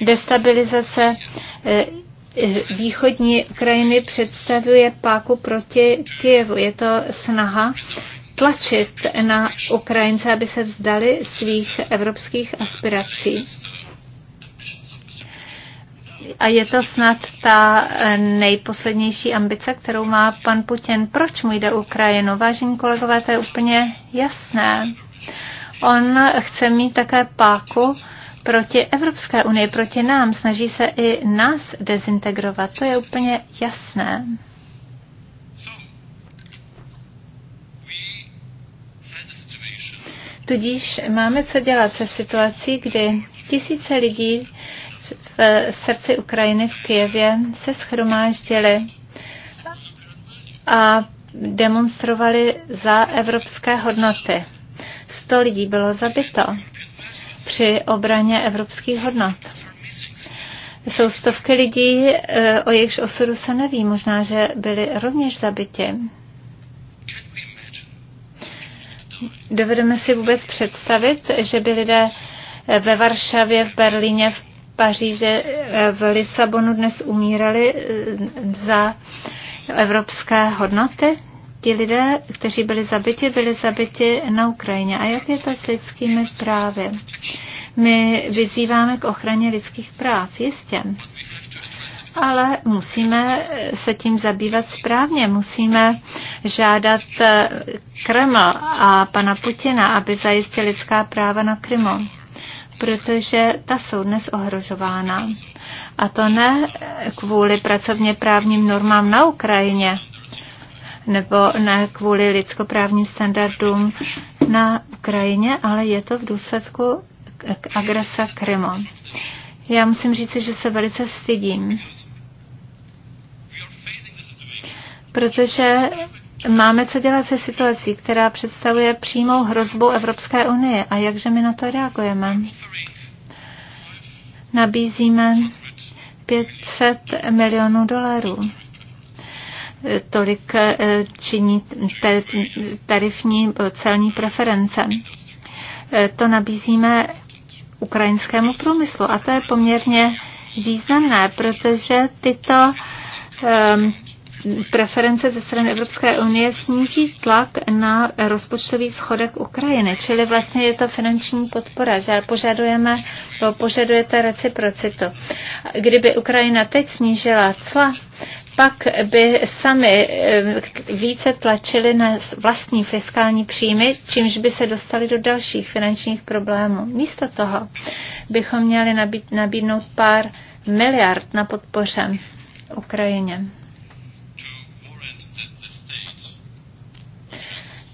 S2: Destabilizace eh, eh, východní Ukrajiny představuje páku proti Kyjevu. Je to snaha tlačit na Ukrajince, aby se vzdali svých evropských aspirací. A je to snad ta eh, nejposlednější ambice, kterou má pan Putin. Proč mu jde Ukrajinu? Vážení kolegové, to je úplně jasné. On chce mít také páku proti Evropské unii, proti nám. Snaží se i nás dezintegrovat. To je úplně jasné. Tudíž máme co dělat se situací, kdy tisíce lidí srdci Ukrajiny v Kijevě se schromáždili a demonstrovali za evropské hodnoty. Sto lidí bylo zabito při obraně evropských hodnot. Jsou stovky lidí, e, o jejichž osudu se neví, možná, že byli rovněž zabiti. Dovedeme si vůbec představit, že by lidé ve Varšavě, v Berlíně, v Paříže, eh, v Lisabonu dnes umírali eh, za evropské hodnoty? Ti lidé, kteří byli zabiti, byli zabiti na Ukrajině. A jak je to s lidskými právy? My vyzýváme k ochraně lidských práv, jistě. Ale musíme eh, se tím zabývat správně. Musíme žádat Kreml a pana Putina, aby zajistil lidská práva na Krymu protože ta jsou dnes ohrožována. A to ne kvůli pracovně právním normám na Ukrajině, nebo ne kvůli lidskoprávním standardům na Ukrajině, ale je to v důsledku k agresa Krymu. Já musím říct, že se velice stydím, protože máme co dělat se situací, která představuje přímou hrozbu Evropské unie a jakže my na to reagujeme. Nabízíme 500 milionů dolarů tolik eh, činí tarifní eh, celní preference. Eh, to nabízíme ukrajinskému průmyslu a to je poměrně významné, protože tyto preference ze strany Evropské unie sníží tlak na rozpočtový schodek Ukrajiny, čili vlastně je to finanční podpora, že požadujeme, no, požadujete reciprocitu. Kdyby Ukrajina teď snížila cla, pak by sami eh, více tlačili na vlastní fiskální příjmy, čímž by se dostali do dalších finančních problémů. Místo toho bychom měli nabídnout pár miliard na podpoře Ukrajině.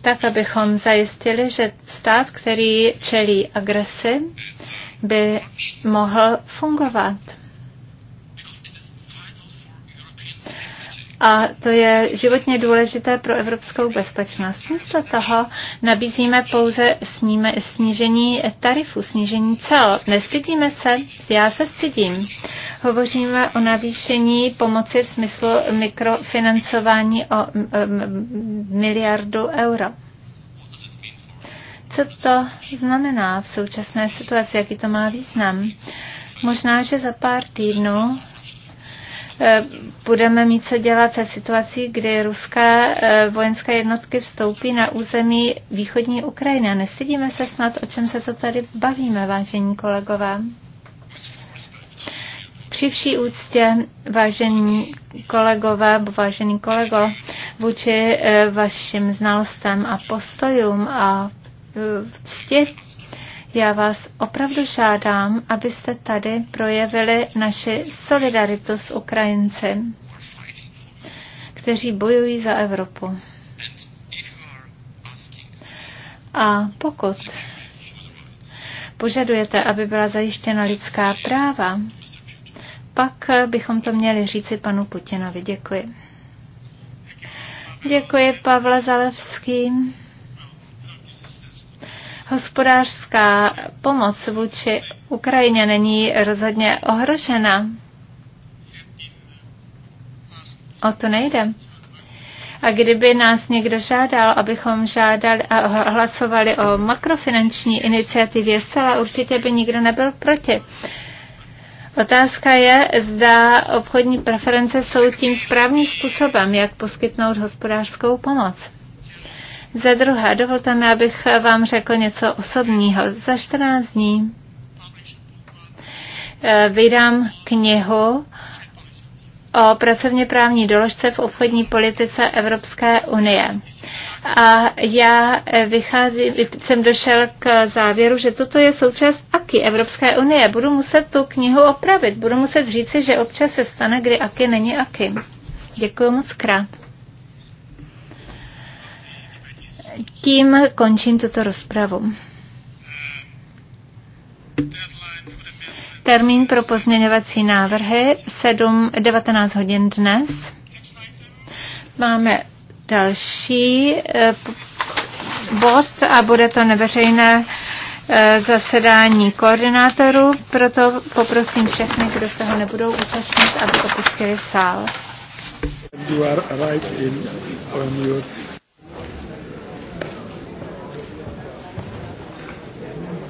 S2: tak abychom zajistili, že stát, který čelí agresi, by mohl fungovat. a to je životně důležité pro evropskou bezpečnost. Místo toho nabízíme pouze sníme, snížení tarifu, snížení cel. Nestydíme se? Já se stydím. Hovoříme o navýšení pomoci v smyslu mikrofinancování o miliardu euro. Co to znamená v současné situaci? Jaký to má význam? Možná, že za pár týdnů Eh, budeme mít co dělat se situací, kdy ruské eh, vojenské jednotky vstoupí na území východní Ukrajiny. A nestydíme se snad, o čem se to tady bavíme, vážení kolegové. Při vší úctě, vážení kolegové, vážený kolego, vůči eh, vašim znalostem a postojům a cti já vás opravdu žádám, abyste tady projevili naši solidaritu s Ukrajinci, kteří bojují za Evropu. A pokud požadujete, aby byla zajištěna lidská práva, pak bychom to měli říci panu Putinovi. Děkuji. Děkuji, Pavle Zalevským. Hospodářská pomoc vůči Ukrajině není rozhodně ohrožena. O to nejde. A kdyby nás někdo žádal, abychom žádali a hlasovali o makrofinanční iniciativě, zcela určitě by nikdo nebyl proti. Otázka je, zda obchodní preference jsou tím správným způsobem, jak poskytnout hospodářskou pomoc. Za druhé, dovolte mi, abych vám řekl něco osobního. Za 14 dní eh, vydám knihu o pracovně právní doložce v obchodní politice Evropské unie. A já eh, vycházím, jsem došel k závěru, že toto je součást AKI Evropské unie. Budu muset tu knihu opravit. Budu muset říci, že občas se stane, kdy AKI není AKI. Děkuji moc krát. tím končím tuto rozpravu. Termín pro pozměňovací návrhy 7, 19 hodin dnes. Máme další eh, bod a bude to neveřejné eh, zasedání koordinátorů, proto poprosím všechny, kdo se ho nebudou účastnit, aby opustili sál.
S1: You are right in, on your